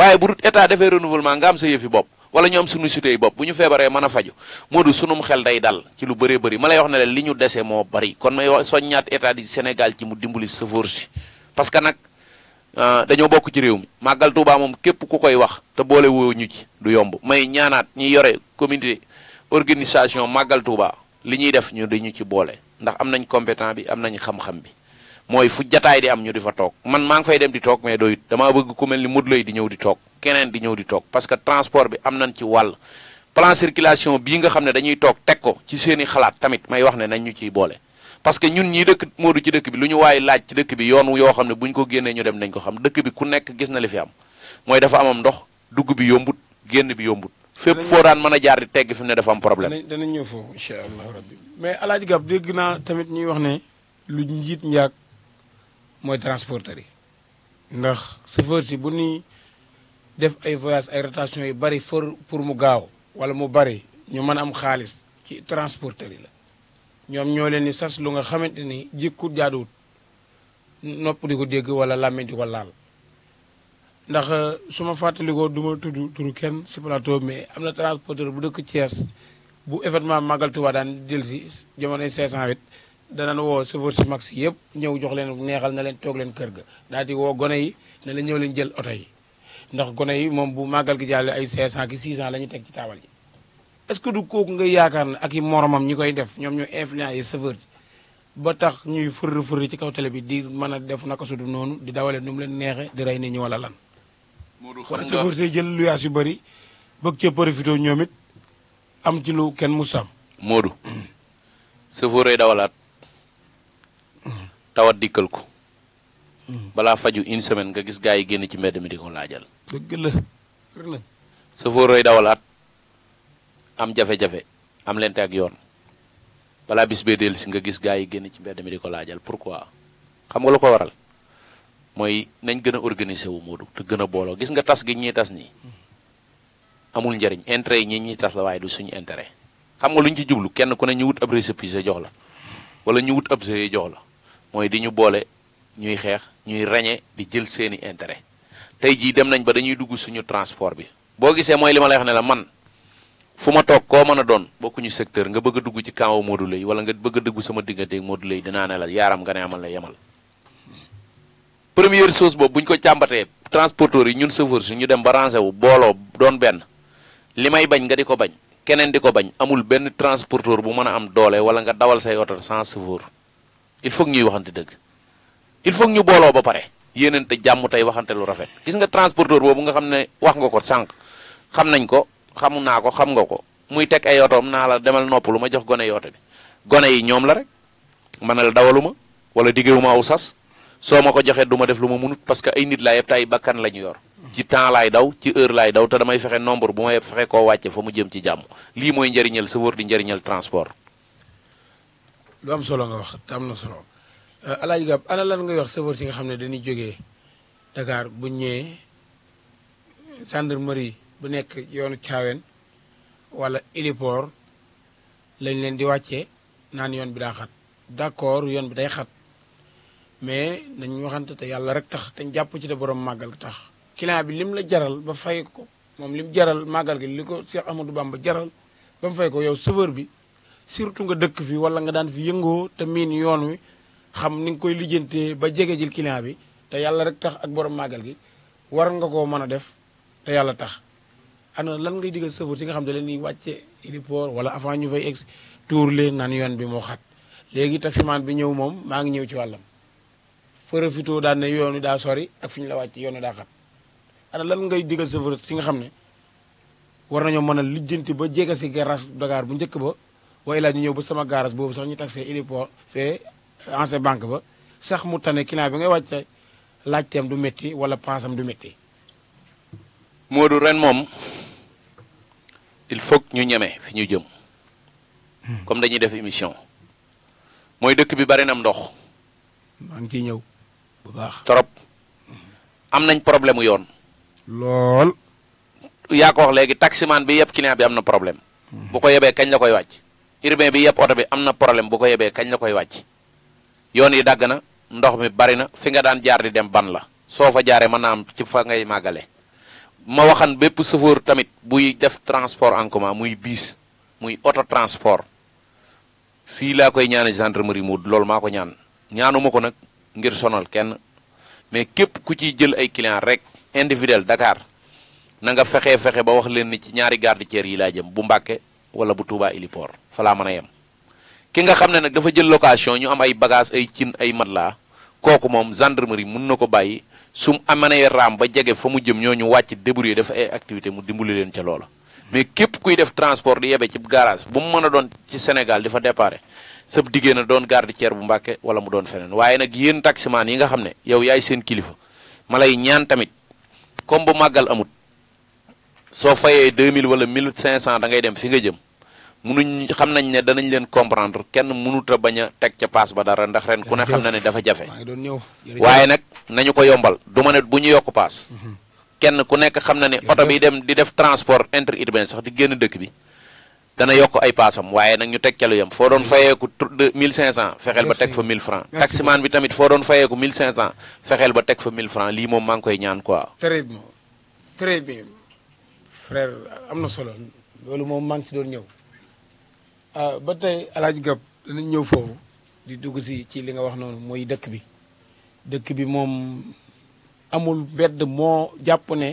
waaye bu état defee renouvellement nga am sa yëfi bopp wala ñu am sunu cité yi bopp bu ñu feebaree mën a faju moo du sunum xel day dal ci lu bëree bëri ma lay wax ne leen li ñu dese moo bëri kon may wax soññaat état du Sénégal ci mu dimbali sëfoor si parce que nag euh, dañoo bokk ci réew mi màggal Tuubaa moom képp ku koy wax te boole woo ñu ci du yomb may ñaanaat ñi yore communauté organisation màggal Tuubaa li ñuy def ñu dañu ci boole ndax am nañ compétent bi am nañ xam bi mooy fu jataay di am ñu di fa toog man maa ngi fay dem di toog mais doyut damaa bëgg ku mel ni Modou Lo yi di ñëw di toog keneen di ñëw di toog parce que transport bi am nañ ci wàll plan circulation bii nga xam ne dañuy toog teg ko ci seen i xalaat tamit may wax ne nañ ñu ciy boole parce que ñun ñii dëkk Modou ci dëkk bi lu ñu waaye laaj ci dëkk bi yoon yoo xam ne bu ñu ko génnee ñu dem nañ ko xam dëkk bi ku nekk gis na li fi am mooy dafa amam ndox dugg bi yombut génn bi yombut fépp foo daan mën a jaar di tegg fi ne dafa am problème danañ ñëw foofu incha allah rabbi mais alaaj tamit ñuy wax ne lu njiit mooy transporteur yi ndax chauffeur si bu ñuy def ay voyage ay rotation yu bari for pour mu gaaw wala mu bari ñu mën am xaalis ci transporteur yi la ñoom ñoo leen ni sas lu nga xamante ni jikku jaaduwut nopp di ko dégg wala làmmiñ di ko laal ndax euh, su ma fàttalikoo du ma tudd turu kenn si plateau mais am na transporteur bu dëkk Thiès bu événement Magal Touba daan jël si jamonoy 508 danañ woo chauffeur si max yëpp ñëw jox leen neexal na leen toog leen kër ga daal di woo gone yi na la ñëw leen jël oto yi ndax gone yi moom bu màggal gi jaalee ay 500 ki 600 la ñu teg ci taabal yi est-ce que du kooku nga yaakaar ne ak i moromam ñi koy def ñoom ñoo influence yi chauffeur ba tax ñuy fërr fërr ci kaw télé bi di mën a def naka sudu noonu di dawalee nu mu leen neexee di rey nit ñi wala lan Modou xam nga jël luyaas yu bëri bëgg cee profité ñoom it am ci lu kenn musam Modou mm. chauffeur tawat dikkal ko. Hmm. balaa faju une semaine nga gis gaa yi génn ci mbedd mi di ko laajal. dëgg la dëgg la. sëfoor dawalaat am jafe-jafe am lente ak yoon balaa bis bee dellu si nga gis gaa yi génn ci mbedd mi di ko laajal pourquoi xam nga lu ko waral mooy nañ gën a organiser wu Moodu te gën a booloo gis nga tas gi ñuy tas nii hmm. amul njariñ intérêt yi ñi ñuy tas la waaye du suñu intérêt xam nga lu ñu ci jublu kenn ku ne ñu wut ab récépissé jox la wala ñu wut ab jox la. mooy di ñu boole ñuy xeex ñuy rañe di jël seeni intérêt tey jii dem nañ ba dañuy dugg suñu transport bi boo gisee mooy li ma lay wax ne la man fu ma toog koo mën a doon bokkuñu secteur nga bëgg dugg ci kaw Modou Lay wala nga bëgg a dugg sama digganteeg Modou Lay dinaa la yaaram nga ne amal la yemal première chose boobu bu ko càmbatee transporteur yi ñun chauffeurs yi ñu dem ba rangé wu booloo doon benn li may bañ nga di ko bañ keneen di ko bañ amul benn transporteur bu mën a am doole wala nga dawal say oto sans chauffeur il faut ñuy waxante dëgg il faut ñu booloo ba pare yéenante jàmm tey waxante lu rafet gis nga transporteur boobu nga xam ne wax nga ko sànq xam nañ ko xamu naa ko xam nga ko muy teg ay otoom naa la demal nopp lu ma jox gone yoote bi gone yi ñoom la rek ma ne la dawaluma wala diggéewuma aw sas soo ma ko joxee du ma def lu ma munut parce que ay nit laa yëpp tay bakkan la ñu yor ci temps laay daw ci heure laay daw te damay fexe nombre bu may fexe koo wàcce fa mu ci jàmm lii mooy njëriñal sëfoor di njëriñal transport lu am solo nga wax te am na solo euh, Alaaji gaa ana lan ngay wax chauffeur si nga xam ne dañuy jóge Dakar bu ñëwee gendarmerie bu nekk yoonu Thiawén wala héliport lañ leen di wàccee naan yoon bi daa xat d'accord yoon bi day xat mais nañ waxante te yàlla rek tax te jàpp ci te borom màggal tax client bi lim la jaral ba fay ko moom lim jaral màggal gi li ko Cheikh Amadou ba jaral ba fay ko yow chauffeur bi surtout nga dëkk fi wala nga daan fi yëngoo te miin yoon wi xam ni nga koy lijjantee ba jege jil client bi te yàlla rek tax ak boroom màggal gi waral nga koo mën a def te yàlla tax. ana lan ngay digal sëfër si nga xam ne leen ñuy wàcce aéroport wala avant ñu fay egg tuur leen naan yoon bi moo xat léegi taximaan bi ñëw moom maa ngi ñëw ci wàllam. profité daan yoon wi daa sori ak fi ñu la wàcc yoon wi daa xat lan ngay digal sëfër si nga xam ne war nañoo mën a lijjanti ba jege si garage Dakar bu njëkk ba. wa illaa ñu ñëw ba sama garage boobu sax ñu tax fee héliport fee ancien banque ba sax mu tane client bi ngay wàcce laajteem du métti wala pensam du métti. Modou ren moom il faut ñu ñeme fi ñu jëm. Hmm. comme dañuy def émission. mooy dëkk bi bari na ndox. maa ngi ciy ñëw bu baax. trop am nañ problème mu yoon. lool. yaa ko wax léegi taximaan bi yëpp client bi am na problème. Hmm. bu ko yebee kañ la koy wàcc. urbain bi yëpp oto bi am na problème bu ko yebee kañ la koy wàcc yoon yi dagg na ndox mi bari na fi nga daan jaar di dem ban la soo fa jaaree ma naa am ci fa ngay màggale ma waxan bépp chauffeur tamit buy def transport en commun muy biis muy auto transport fii laa koy ñaane gendarmerie mu lool maa ko ñaan ñaanuma ko nag ngir sonal kenn mais képp ku ciy jël ay client rek individuel Dakar na nga fexe fexe ba wax leen ni ci ñaari garde tiers yi laa jëm bu Mbàkke wala bu Touba Héliport fa laa mën a yem ki nga xam ne nag dafa jël location ñu am ay bagage ay cin ay laa kooku moom gendarmerie mun na ko bàyyi su mu amanee raam ba jege fa mu jëm ñoo ñu wàcc yi dafa ay activité mu dimbali leen ca loola. mais képp kuy def transport di yebe ci garage bu mu mën a doon ci Sénégal di fa déparé sab diggée na doon garde ceer bu Mbàkke wala mu doon feneen waaye nag yéen taximaan yi nga xam ne yow yaay seen kilifa ma lay ñaan tamit comme bu màggal amut. soo fayee 2000 wala 1500 da ngay dem fi nga jëm munuñ xam nañ ne danañ leen comprendre kenn mënut a bañ teg ca paas ba dara ndax ren ku ne xam na ne dafa jafe waaye nag nañu ko yombal du ma ne bu ñu yokk paas mhm. kenn ku nekk xam na ne oto bi dem di def transport interurbain sax di génn dëkk bi dana yokk ay paasam waaye nag ñu teg ca lu yem foo doon fayeeku 1500 fexeel ba teg fa 1000 francs taximaan bi tamit foo doon fayeeku 1500 fexeel ba teg fa 1000 francs lii moom maa ngi koy ñaan quoi très frère am na solo loolu moom maa ngi ci doon ñëw ah, ba tey Alaaji Gab danañ ñëw foofu di dugg si ci li nga wax noonu mooy dëkk bi dëkk bi moom amul mbedd moo jàpp ne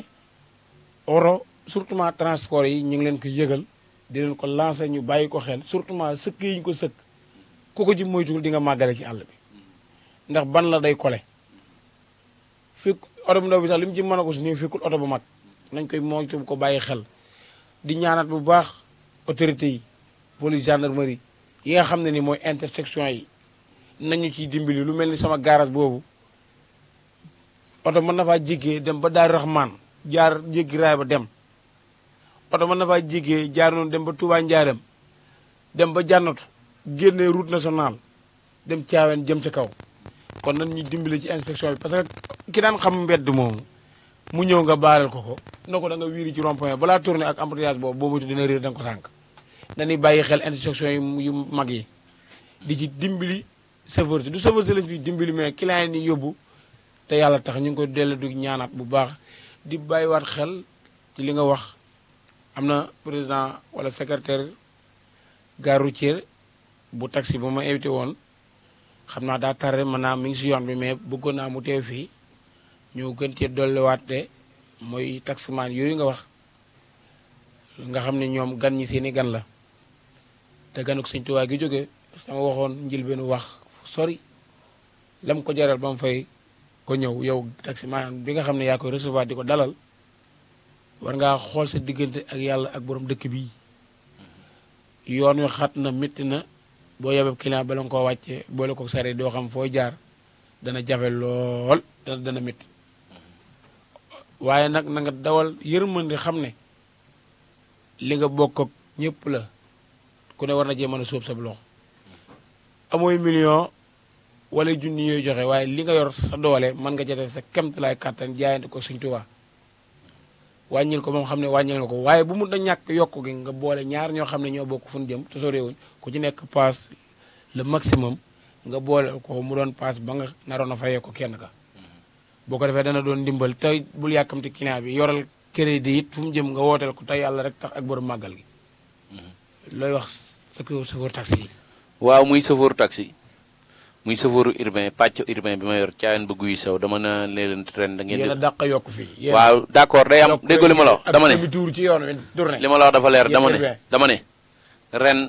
oro surtout transport yi ñu ngi leen ko yëgal di ko lancé ñu bàyyi ko xel surtout sëkk yi ñu ko sëkk ku ko ji moytuwul di nga màggale ci àll bi ndax ban la day kole fekk oto bu ndaw bi sax li mu ci mën a su néew fekkul oto bu mag nañ koy moo moytu ko bàyyi xel di ñaanat bu baax autorité yi police gendarmerie yi nga xam ne ni mooy intersection yi nañu ciy dimbali lu mel ni sama garage boobu oto mën na faa jéggee dem ba Daaru Raxmaan jaar jéggi dem oto mën na faa jéggee jaar dem ba Touba Ndiarème dem ba jànnatu génnee route nationale dem caaween jëm ca kaw kon nan ñuy dimbali ci intersection yi parce que ki daan xam mbedd moomu mu ñëw nga baalal ko ko na ko da nga wiiri ci rond ak embouteillage boobu boo moytu ko sànq dañuy bàyyi xel intersection yi yu mag yi di ci dimbali chauffeur si du lañ fi dimbali mais client yi yóbbu te yàlla tax ñu ngi ko dellu du ñaanaat bu baax di bàyyiwaat xel li nga wax am na président wala secrétaire gare routière bu taxi bu ma invité woon xam naa daa tardé mën naa mi ngi si yoon bi mais bëggoon naa mu teew fii ñoo gën cee dolliwaat de mooy taximaan yooyu nga wax nga xam ne ñoom gan ñi seeni gan la te ganuk Sëñ Tuubaa gi jóge sama waxoon njilbeenu wax sori lam ko jaral ba mu fay ko ñëw yow taximaan bi nga xam ne yaa koy recevoir di ko dalal war ngaa xool sa diggante ak yàlla ak boroom dëkk bi yoon wi xat na métti na boo yebeb client bala nga koo wàccee boole ko sare doo xam foo jaar dana jafe lool dana dana waaye nag na nga dawal yërmande xam ne li nga bokk ak ñëpp la ku ne war na cee mën a sóob sa loxo amooy million wala junni yooyu joxe waaye li nga yor sa doole mën nga jotee sa kemtalaay kàttan jaayante ko Sëñ Tuubaa wàññil ko moom xam ne wàññil ko waaye bu mun na ñàkk yokk gi nga boole ñaar ñoo xam ne ñoo bokk fu ñu jëm te soo réewuñ ku ci nekk paas le maximum nga boole ko mu doon paas ba nga naroon a fayee ko kenn ka boo ko defee dana doon ndimbal te bul yàkkamti client bi yoral crédit it fu jëm nga wooteel ko te yàlla rek tax ak borom màggal gi. Mm-hmm. looy wax sa chauffeur taxi yi. waaw muy chauffeur taxi muy chauffeur urbain pàcc urbain bi ma yor caayan bëgg yu sew dama na leen ren da ngeen. yéen a dàq yokk fii. waaw d' accord day am dégg li ma la dama ne ci yoon wi li ma la wax dama ne dama ne ren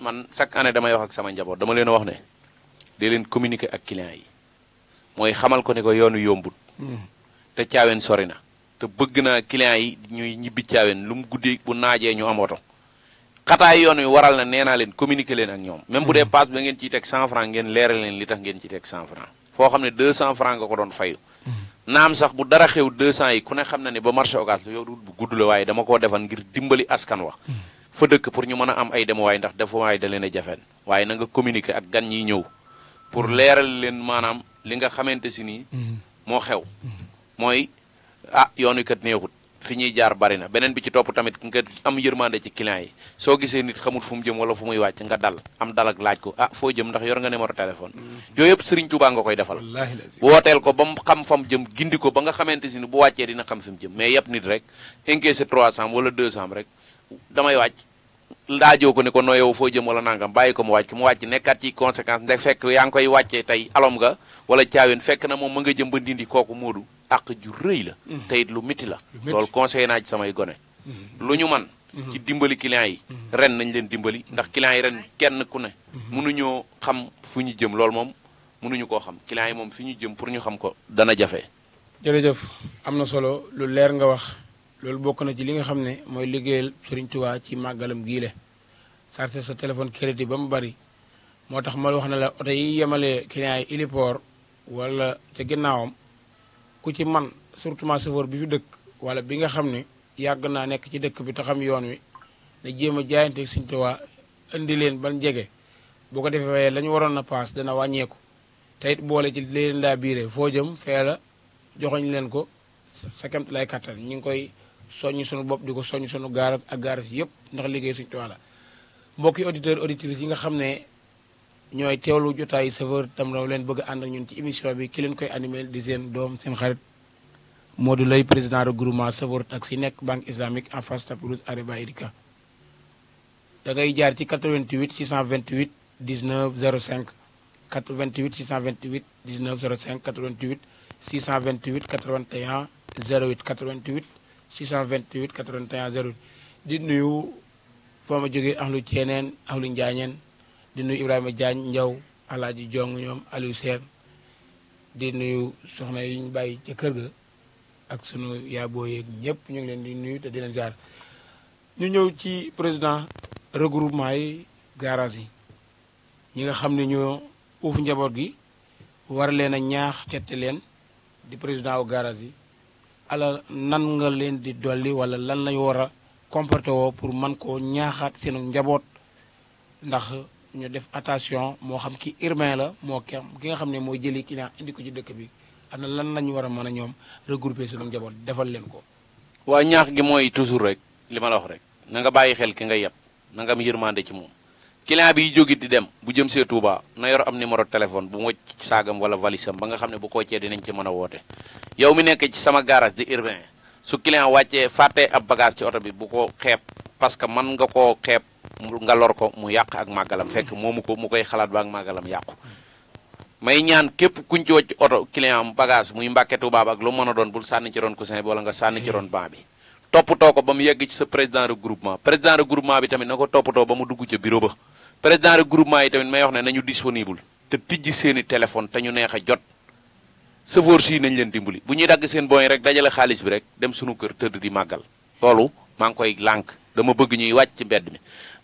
man chaque année damay wax ak sama njaboot dama leen a wax ne. dee communiqué ak client yi. mooy xamal ko ni ko yoonu yombut. Hmm. te caaween sori na. te bëgg naa client yi ñuy ñibbi caaween lu mu guddi bu naajee ñu am oto. xataay yoon wi waral na nee naa leen communiquer leen ak ñoom. même bu dee hmm. paas ba ngeen ciy teg 100 francs ngeen leeral li tax ngeen ci teg 100 francs foo xam ne 200 francs nga ko doon fayu. Hmm. naam sax bu dara xew 200 yi ku ne xam na ne ba marché occas yow du bu gudd la waaye dama koo defan ngir dimbali askan wa. fa dëkk pour ñu mën a am ay demuwaay ndax defuwaay da leen a jafeen waaye na nga communiquer ak gan ñiy ñëw. pour leeral leen maanaam li nga xamante si nii mhm. moo xew mhm. mooy a ah, yoon wi kat neexut fi ñuy jaar bari na beneen bi ci topp tamit nga am yërmande ci client yi soo gisee nit xamul fu mu jëm wala fu muy wàcc nga dal am dal ak laaj ko a ah, foo jëm ndax yor nga numéro téléphone mhm. yooyu yëpp Serigne Touba nga koy defal wooteel ko ba mu xam fam jëm gindi ko ba nga xamante si ni bu wàccee dina xam fi mu jëm mais yëpp nit rek encaissé 300 wala am rek damay wàcc laajoo ko ne ko noo yow foo jëm wala nangam bàyyi ko mu wàcc mu wàcc nekkaat ci conséquence ndax fekk yaa ngi koy wàccee tey alom nga wala caaween fekk na moom ma nga jëm ba ndindi kooku moodu àq ju rëy la mm-hmm. te it lu métti la loolu conseillé naa ci samay gone mm-hmm. lu ñu man mm-hmm. ci dimbali clients yi ren nañ leen dimbali ndax clients yi ren kenn ku ne mënuñoo xam fu ñu jëm loolu moom mënuñu koo xam clients yi moom fi ñu jëm pour ñu xam ko dana jafe jërëjëf am na solo lu leer nga wax loolu bokk na ci li nga xam ne mooy liggéeyal Serigne Touba ci màggalam le chargé sa téléphone crédit ba mu bari moo tax ma wax na la oto yi yemale client yi héliport wala ca ginnaawam ku ci man surtout ma bi fi dëkk wala bi nga xam ni yàgg naa nekk ci dëkk bi te yoon wi ne jéem a jaayante Serigne Touba indi leen ban jege boo ko defee la ñu waroon na paas dana wàññeeku te it boole ci leen daa biire foo jëm fee la joxoñ leen ko sa kemt lay kattan ñu ngi koy soññ suñu bopp di ko soññ sunu gaarat ak gaarat yëpp ndax liggéey suñu Tuubaa la mbokki auditeurs auditrices yi nga xam ne ñooy teewlu jotaayu Saveur Tambacounda leen bëgg ànd ak ñun ci émission bi ki leen koy animé di seen doom seen xarit moo Modou Lay président regroupement Saveur Taxi nekk banque islamique en face tapis rouge Areba Irika da ngay jaar ci 88 628 19 05 88 628 19 05 88 628 81 08 88. 628 81 08 di nuyu foo ma jógee ahlu ceeneen ahlu njaañeen di nuyu Ibrahima Diagne Ndiaw alaaji jong ñoom Aliou Sène di nuyu soxna yi ñu bàyyi ca kër ga ak sunu yaaboo yeeg ñëpp ñu ngi leen di nuyu te di leen jaar ñu ñëw ci président regroupement yi garage yi ñi nga xam ne ñoo uuf njaboot gi war leen a ñaax cette leen di président wu garage yi ala nan nga leen di dolli wala lan lañ war a comporté woo pour man koo ñaaxaat seenu njaboot ndax ñu def attention moo xam ki urbain la moo kem ki nga xam ne mooy jëli client indi ko ci dëkk bi ana lan lañ war a mën a ñoom regrouper seenu njaboot defal leen ko. waa ñaax gi mooy toujours rek li ma la wax rek na nga bàyyi xel ki nga yeb na nga am yërmande ci moom. client bi jógit di dem bu jëm see Touba na yor am numéro téléphone bu mocc saagam wala walisam ba nga xam ne bu koocee nañ ci mën a woote yow mi nekk ci sama garage di urbain su client wàccee fàttee ab bagage ci oto bi bu ko xeep parce que mën nga koo xeeb nga lor ko mu yàq ak màggalam fekk moomu ko mu koy xalaat ba ak màggalam yàqu may ñaan képp kuñ ci wàcc oto client am bagage muy Mbàkke Touba ak lu mën a doon bul sànni ci ron coussin bi wala nga sànni ci ron banc bi ko ba yegg ci sa président regroupement président regroupement bi tamit na ko toppatoo ba mu dugg ca président de groupement yi tamit may wax ne nañu disponible te tijji seen i téléphone te ñu neex a jot sëfoor si nañ leen dimbali bu ñuy dagg seen booy rek dajale xaalis bi rek dem sunu kër tëdd di màggal loolu maa ngi koy lànk dama bëgg ñuy wàcc ci mbedd mi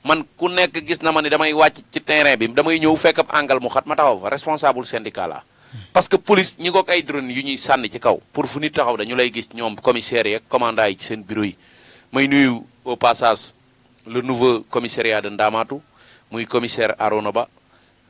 man ku nekk gis na ma ne damay wàcc ci terrain bi damay ñëw fekk ab angal mu xat ma taxaw fa responsable syndicat la parce que police ñi ngoog ay drone yu ñuy sànni ci kaw pour fu nit taxaw dañu lay gis ñoom commissaires yeeg commandant yi ci seen bureau may nuyu au passage le nouveau commissariat de Ndamatou muy commissaire Arona Ba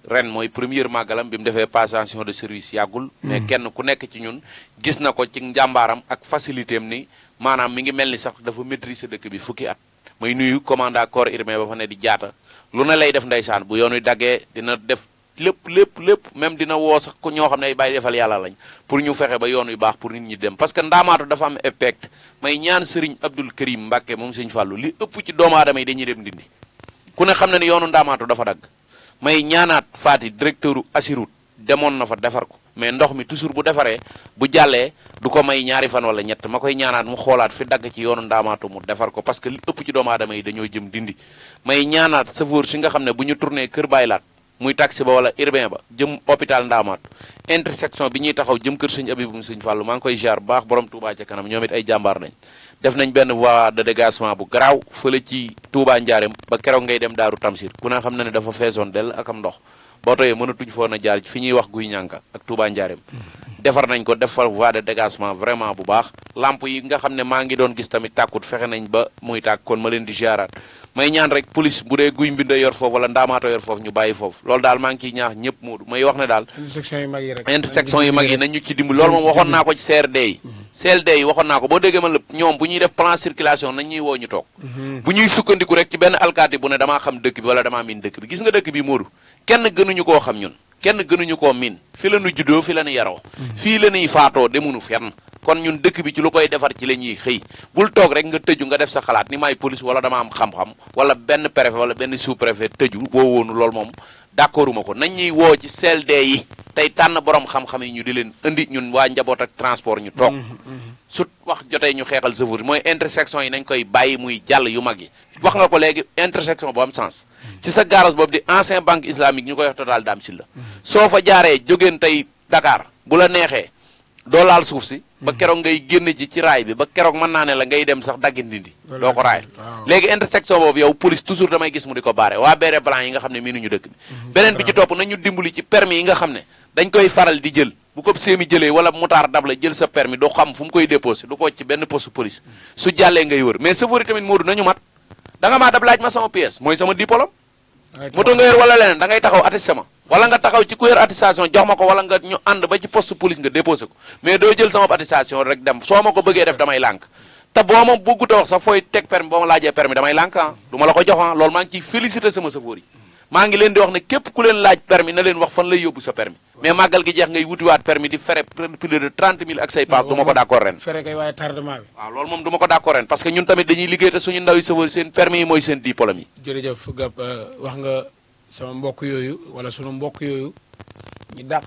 ren mooy première màggalam bi mu defee passation de service yàggul. mais hmm. kenn ku nekk ci ñun gis na ko ci njàmbaaram ak facilité am ni maanaam mi ngi mel ni sax dafa maîtriser dëkk bi fukki at. muy nuyu commandant corps urbain ba fa ne di jaata lu ne lay def ndeysaan bu yoon wi daggee dina def lépp lépp lépp même dina woo sax ku ñoo xam ne ay bàyyi defal yàlla lañ pour ñu fexe ba yoon wi baax pour nit ñi dem parce que ndaamaatu dafa am impact may ñaan Serigne Abdul Karim Mbacke moom Serigne Fallou li ëpp ci doomu aadama yi dañuy dem dindi. ku ne xam na ni yoonu ndaamaatu dafa dagg may ñaanaat faati directeuru Asirut demoon na fa defar ko mais ndox mi toujours bu defaree bu jàllee du ko may ñaari fan wala ñett ma koy ñaanaat mu xoolaat fi dagg ci yoonu ndaamaatu mu defar ko parce que li ëpp ci doomu aadama yi dañoo jëm dindi may ñaanaat sëfoor si nga xam ne bu ñu tourné kër bàyyilaat muy taxi ba wala urbain ba jëm hôpital Ndaamaat intersection bi ñuy taxaw jëm kër sëñ Abibou sëñ Fallou maa ngi koy jaar bu baax borom Touba ca kanam ñoom ay jàmbaar lañ def nañ benn voie de dégagement bu garaaw fële ci Touba Njaareem ba keroog ngay dem Daaru Tamsir ku naa xam na ne dafa feesoon dell ak am ndox boo tooyee mënatuñ foon a jaar fi ñuy wax guy ñànka ak Touba Njaareem defar nañ ko defar voie de dégagement vraiment bu baax lamp yi nga xam ne maa ngi doon gis tamit tàkkut fexe nañ ba muy tàkk kon ma leen di ziaraat may ñaan rek police bu dee guy mbind yor foofu wala ndaamaato yor foofu ñu bàyyi foofu loolu daal maa ngi ciy ñaax ñëpp moodu may wax ne daal intersection yu mag yi nañ ñu ci dimbali loolu moom waxoon naa ko ci CRD yi CRD yi waxoon naa ko boo déggee man la ñoom bu ñuy def plan circulation nañ ñuy woo ñu toog mhm. bu ñuy sukkandiku rek ci benn alkaati bu ne damaa xam dëkk bi wala damaa miin dëkk bi gis nga dëkk bi moodu kenn gënuñu ko xam ñun kenn gënuñu ko miin fi la ñu juddoo fi la ñu yaroo fii la ñuy faatoo demunu fenn kon ñun dëkk bi ci lu koy defar ci la ñuy xëy bul toog rek nga tëju nga def sa xalaat ni maay police wala dama am xam-xam wala benn préfet wala benn sous préfet tëju woo woonu loolu moom d'accorduma ko nañ ñuy woo ci CLD yi tey tànn borom xam-xam yi ñu di leen indi ñun waa njaboot ak transport ñu toog mm-hmm, mm-hmm. su wax jotee ñu xeexal chauffeur mooy intersection yi nañ koy bàyyi muy jàll yu mag yi wax nga ko léegi intersection bu am sens ci sa garage boobu di ancien banque islamique ñu koy wax total daam si la soo fa jaaree jógeen tey Dakar bu la neexee doo laal suuf si ba keroog ngay génn ji ci raay bi ba keroog mën naa ne la ngay dem sax daggin dindi doo ko raay léegi intersection boobu yow police toujours damay gis mu di ko baare waa béret blanc yi nga xam ne miinuñu dëkk bi mhm, beneen bi ci topp nañu dimbali ci permis yi nga xam ne dañ koy faral di jël bu ko seemi jëlee wala motaar dab la jël sa permis doo xam mu koy déposé du ko benn poste police mhm. su jàllee ngay wër mais chauffeur yi tamit Modou nañu laaj ma sama mooy sama diplôme moto nga yor wala leneen da ngay taxaw attestation wala nga taxaw ci ku yor attestation jox ma ko wala nga ñu ànd ba ci poste police nga déposé ko mais doo jël sama attestation rek dem soo ma ko bëggee def damay lànk te boo ma bëggut a wax sax fooy teg permis boo ma laajee permis damay lànk ah ma la ko jox ah loolu maa ci ciy félicité sama safoor yi maa ngi leen di wax ne képp ku leen laaj permis na leen wax fan lay yóbbu sa permis mais màggal gi jeex ngay wutiwaat permis di fere plus de trente mille ak say paas du ma ko d'accord ren fere kay waaye tardement bi waaw loolu moom du ma ko d'accord ren parce que ñun tamit dañuy liggéey te suñu ndaw yi safar seen permis yi mooy seen diplôme yi jërëjëf Gab euh, wax nga sama mbokk yooyu wala sunu mbokk yooyu dàq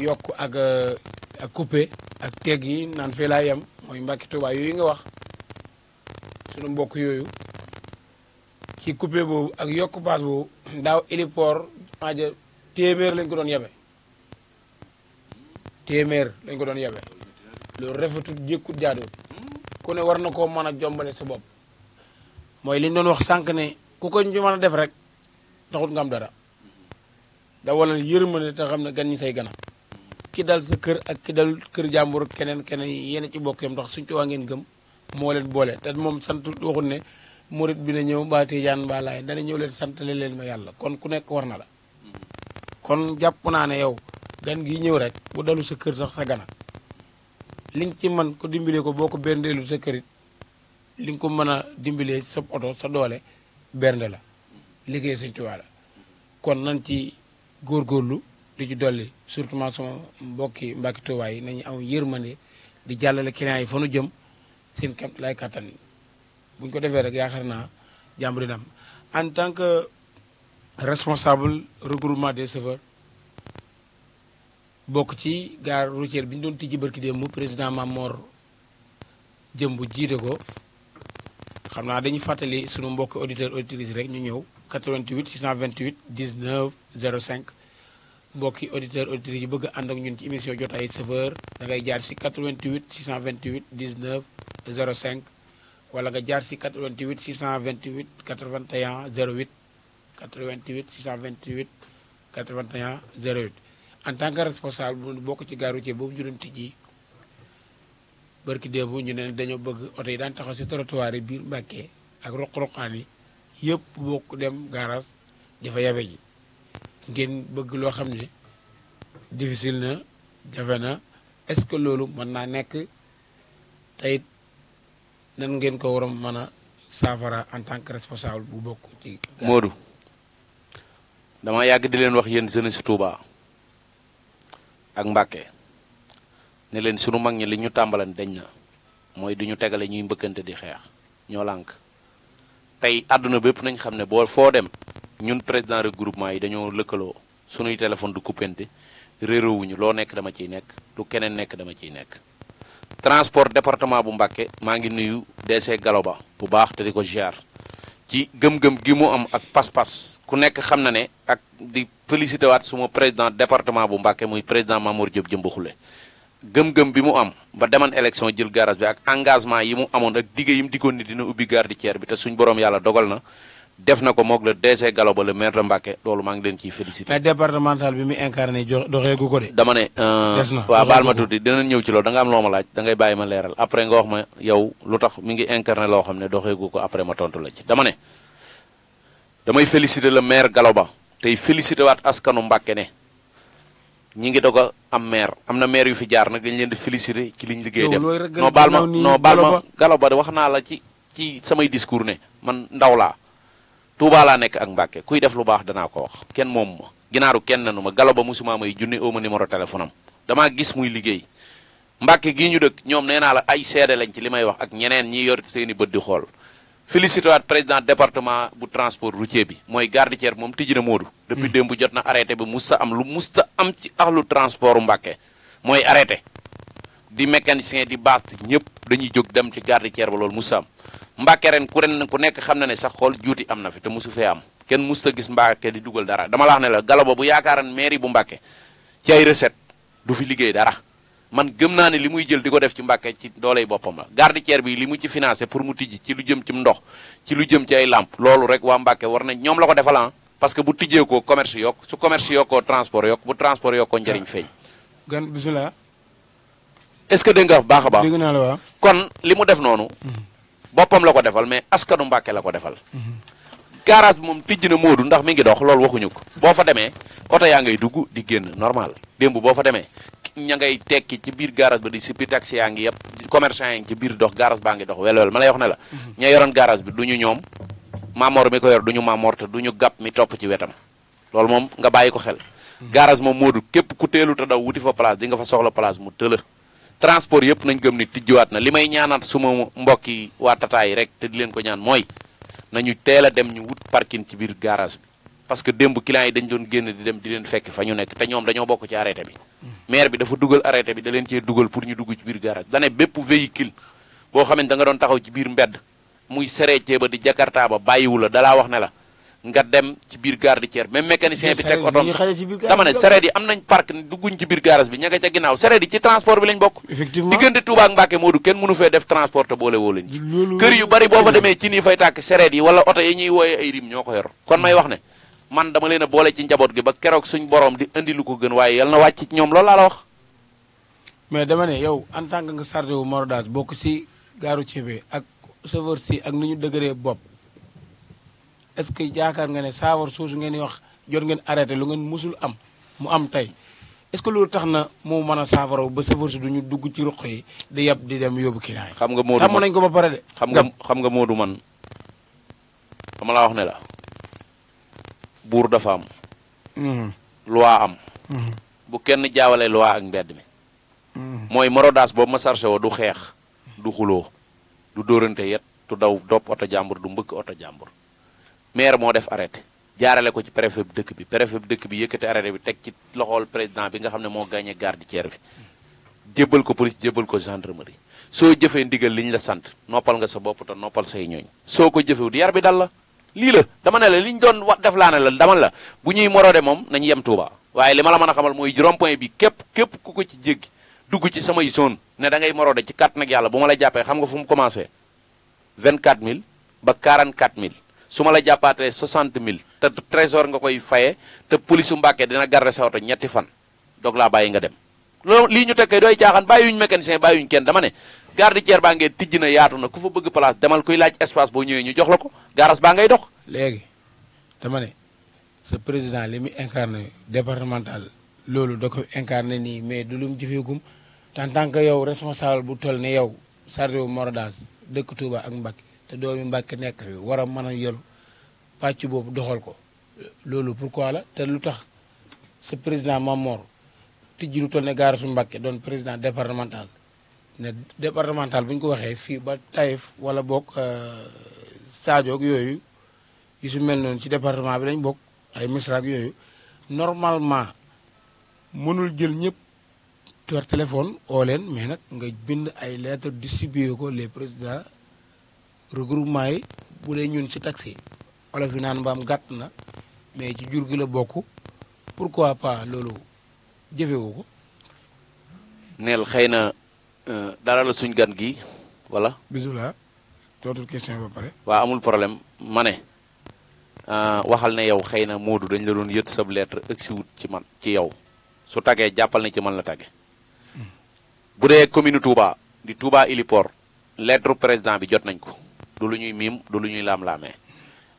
yokk ak euh, ak ak teeg yi naan fii laa yem mooy mbàkki yooyu nga wax sunu mbokk yooyu ci coupé boobu ak yokk baas boobu daaw héliport maaja téeméer lañ ko doon yabe téeméer lañ ko doon yabe loolu rafetut jëkkut jaaduwut ku ne war na koo mën a jombale sa bopp mooy li doon wax sànq ne ku ko ñu mën a def rek taxut nga am dara da wala yërmande te xam ne gan ñi say gana ki dal sa kër ak ki dal kër jàmbur keneen keneen yenn ci bokk yam ndax suñ ci waa ngeen gëm moo leen boole te moom sant waxul ne murit bi na ñëw mbaa tiijaan mbaa laay dana ñëw leen santale leen ma yàlla kon ku nekk war na la kon jàpp naa ne yow gan gi ñëw rek bu dalu sa kër sax sa gana li nga ci man ko dimbalee ko boo ko berndeelu sa kërit li nga ko mën a dimbalee sa oto sa doole bernde la liggéey Sëñ Tuubaa la kon nañ ci góor góorlu di ci dolli surtout sama mbokki mbàkki Tuubaa yi nañu am yërmande di jàllale client yi fa nu jëm seen képp lay kàttan buñ ko defee rek yaakaar naa jàmm dina am en tant que responsable regroupement des chauffeurs bokk ci gare routière bi ñu doon tijji barki mu président Mamor jëm bu jiite ko xam naa dañuy fàttali sunu mbokk auditeur auditrice rek ñu ñëw 88 628 19 05 mbokki auditeur auditrice yi bëgg ànd ak ñun ci émission jotaayu chauffeur da ngay jaar si 88 628 19 cinq wala nga jaar si 88 628 81 08 88 628 81 08 en tant que responsable bu bokk ci gaaru routière boobu ñu doon tijji barki démb ñu neen dañoo bëgg oto yi daan taxaw si trottoir yi biir Mbàkke ak roq-roqaan yi yëpp bokk dem garage dafa yabe ji ngeen bëgg loo xam ne difficile na jafe na est-ce que loolu mën naa nekk nan ngeen ko war a mën a saafara en tant que responsable bu bokk ci. Modou dama yàgg di leen wax yéen jeunesse Touba ak Mbàkke ne leen sunu mag ñi li ñu tàmbalan dañ na mooy du ñu tegale ñuy mbëkkante di xeex ñoo lànk tey àdduna bépp nañ xam ne boo foo dem ñun président regroupement yi dañoo lëkkaloo sunuy téléphone du coupente réeroowuñu loo nekk dama ciy nekk lu keneen nekk dama ciy nekk transport département bu Mbacké maa ngi nuyu DC Galoba bu baax te di ko ziar ci gëm-gëm gi mu am ak pas-pas ku nekk xam na ne ak di félicité waat suma président département bu Mbacké muy président Mamour Diop jëmba xule gëm-gëm bi mu am ba deman élection jël garage bi ak engagement yi mu amoon ak digge yi mu diggoon ni dina ubbi gare routière bi te suñ borom yàlla dogal na def na ko moog le DG Gallo Ba le maire de Mbacké loolu maa ngi leen ciy félicité. mais départemental bi mu incarné jox doxeegu ko de. dama ne. Euh, des na waaw baal ma tuuti dinañ ñëw ci loolu da am loo ma laaj da ngay bàyyi ma leeral après nga wax ma yow lu tax mi ngi incarné loo xam ne doxeegu ko après ma tontu la ci dama ne. damay félicité le maire Gallo Ba tey félicité waat askanu Mbacké ne. ñi ngi doog a am maire am na maire yu fi jaar nag dañ leen di féliciter ci liñ liggéey dem non baal ma non baal ma Gallo Ba wax naa la ci ci samay discours ne man ndaw laa Touba laa nekk ak Mbàkke kuy def lu baax danaa ko wax kenn moom ma ginaaru kenn nenu ma galo ba musuma may junni oo ma numéro téléphone damaa gis muy liggéey Mbàkke gii ñu dëkk ñoom nee naa la ay seede lañ ci li may wax ak ñeneen ñi yor seeni bët di xool félicité waat président département bu transport routier bi mooy gardiceer moom tijji na Moodu mm. depuis bu jot na arrêté bi musta am lu musta am ci axlu transport Mbàkke mooy arrêté di mécanicien di baas ñëpp dañuy jóg dem ci gardiceer ba loolu musta am Mbàkke ren ku ren ku nekk xam na ne sax xool juuti am na fi te mosu fee am kenn mosut a gis Mbàkke di dugal dara dama la wax ne la Galaba bu yaakaaran mairie bu Mbàkke ci ay recette du fi liggéey dara man gëm naa ne li muy jël di ko def ci Mbàkke ci dooley boppam la garde-tier bi li mu ci financé pour mu tijji ci lu jëm ci ndox ci lu jëm ci ay làmp loolu rek waa Mbàkke war nañ ñoom la ko defalan ah. parce que bu tijjee ko commerce yokk su commerce yokkoo transport yokk bu transport yokkoo njëriñ feeñ gan bisimilah est-ce que dégg nga baax a baax dégg naa kon li mu def noonu hmm. boppam la ko defal mais askanu Mbàkke la ko defal. garage bi moom tijji na Moodu ndax mi ngi dox loolu waxuñu ko boo fa demee oto yaa ngay dugg di génn normal démb boo fa demee ña ngay tekki ci biir garage ba di sippi taxi yaa ngi yëpp commerçant yaa ngi ci biir dox garage baa ngi dox wel wel ma lay wax ne la. ña yoroon garage bi du ñu ñoom maamoor mi ko yor du ñu te du ñu gàpp mi topp ci wetam loolu moom nga bàyyi ko xel. garage moom Moodu képp ku te daw wuti fa place di nga fa soxla transport yëpp nañ gëm ni tijjiwaat na li may ñaanaat suma mbokk yi waa Tata yi rek te di leen ko ñaan mooy nañu teel a dem ñu wut parking ci biir garage bi parce que démb clients yi dañ doon génn di dem di leen fekk fa ñu nekk te ñoom dañoo bokk ci arrêté bi mm. maire bi dafa dugal arrêté bi da leen cee dugal pour ñu dugg ci biir garage dane bépp véhicule boo xam ne da nga doon taxaw ci biir mbedd muy seree ba di jakarta ba bàyyiwu la dalaa wax ne la nga dem ci biir gare routière même mécanicien bi teg otom dama ne sareet yi am nañ parc dugguñ ci biir garage bi ña nga ca ginnaaw sareet yi ci transport bi lañ bokk diggante Touba ak Mbacke Modou kenn mënu fee def transport te boole woo lañ kër yu bari boo fa demee ci nii fay tàkk sareet yi wala oto yi ñuy wooye ay rim ñoo ko yor kon may wax ne man dama leen a boole ci njaboot gi ba keroog suñ borom di indi lu ko gën waaye yal na wàcc ci ñoom mais dama ne yow en tant que nga chargé wu morodas bokk si gaaru bi ak chauffeur si ak nu ñu dëgëree bopp est-ce que yaakaar nga ne saawar soosu ngeen di wax jot ngeen arrêté lu ngeen musul am mu am tey est-ce que loolu tax na moo mën a saafara ba safar si duñu dugg ci ruq yi di yab di dem yóbbu client yi. xam nga Modou man nañ ko ba pare xam nga xam nga Modou man dama laa wax ne la buur dafa am. Mm-hmm. loi am. Mm-hmm. bu kenn jaawalee loi ak mbedd mi. Mm-hmm. mooy morodaas boobu ma sarse woo du xeex du xuloo du dóorante yet du daw dopp oto jàmbur du mbëkk oto jàmbur. maire moo def arrêté jaarale ko ci préfet bu dëkk bi préfet bu dëkk bi yëkkati arrêté bi teg ci loxool président bi nga xam ne moo gagné garde tier bi jébbal ko police jébbal ko gendarmerie soo jëfee ndigal li ñu la sant noppal nga sa bopp te noppal say ñooñ soo ko jëfewut yar bi dal la lii la dama ne la li ñu doon wax def laa ne la dama la bu ñuy moroode moom nañu yem Touba waaye li ma la mën a xamal mooy rond-point bi képp képp ku ko ci jéggi dugg ci samay zone ne da ngay moroode ci kàtt nag yàlla bu ma jàppee xam nga fu mu commencé 24000 ba 44000 su ma la jàppaatee 60 mille te trésor nga koy faye te police su Mbàkke dina garde sa oto ñetti fan doog la bàyyi nga dem loolu lii ñu tekkee dooy caaxaan bàyyiwuñu mécanicien bàyyiwuñu kenn dama ne garde-tier baa ngeen tijji na yaatu na ku fa bëgg place demal kuy laaj espace boo ñëwee ñu jox la ko garas baa ngay dox léegi dama ne sa président li mu incarné départemental loolu da ko incarné nii mais du lu mu jëfeegum en tant que yow responsable bu tel ne yow chargé wu Morodage dëkk Touba ak Mbacké te doomi Mbàkke nekk fi war a mën a yor pàcc boobu doxal ko loolu pourquoi la te lu tax sa président Mamor tijji lu toll ne gaara su Mbàkke doon président départemental ne départemental bu ñu ko waxee fii ba Taïf wala boog euh, Sadio yooyu yi su mel noonu ci département bi dañ bokk ay misra yooyu normalement mënul jël ñëpp tuur téléphone oo leen mais nag nga bind ay lettres distribué ko les présidents regroupement yi bu dee ñun ci taxi olof yi naan mbaam gàtt na mais ci jur gi la bokk pourquoi pas loolu jëfewoo ko. neel xëy na euh, dara la suñ gan gi wala. bisimilah tontu question ba pare. waa amul problème ma ne euh, waxal ne yow xëy na Modou dañ la doon yët sab lettre ëgsiwut ci man ci yow su tagee jàppal ne ci man la tagge hmm. bu dee commune Touba di Touba Ilipor lettre président bi jot nañ ko. du lu ñuy miim du lu ñuy laam-laamee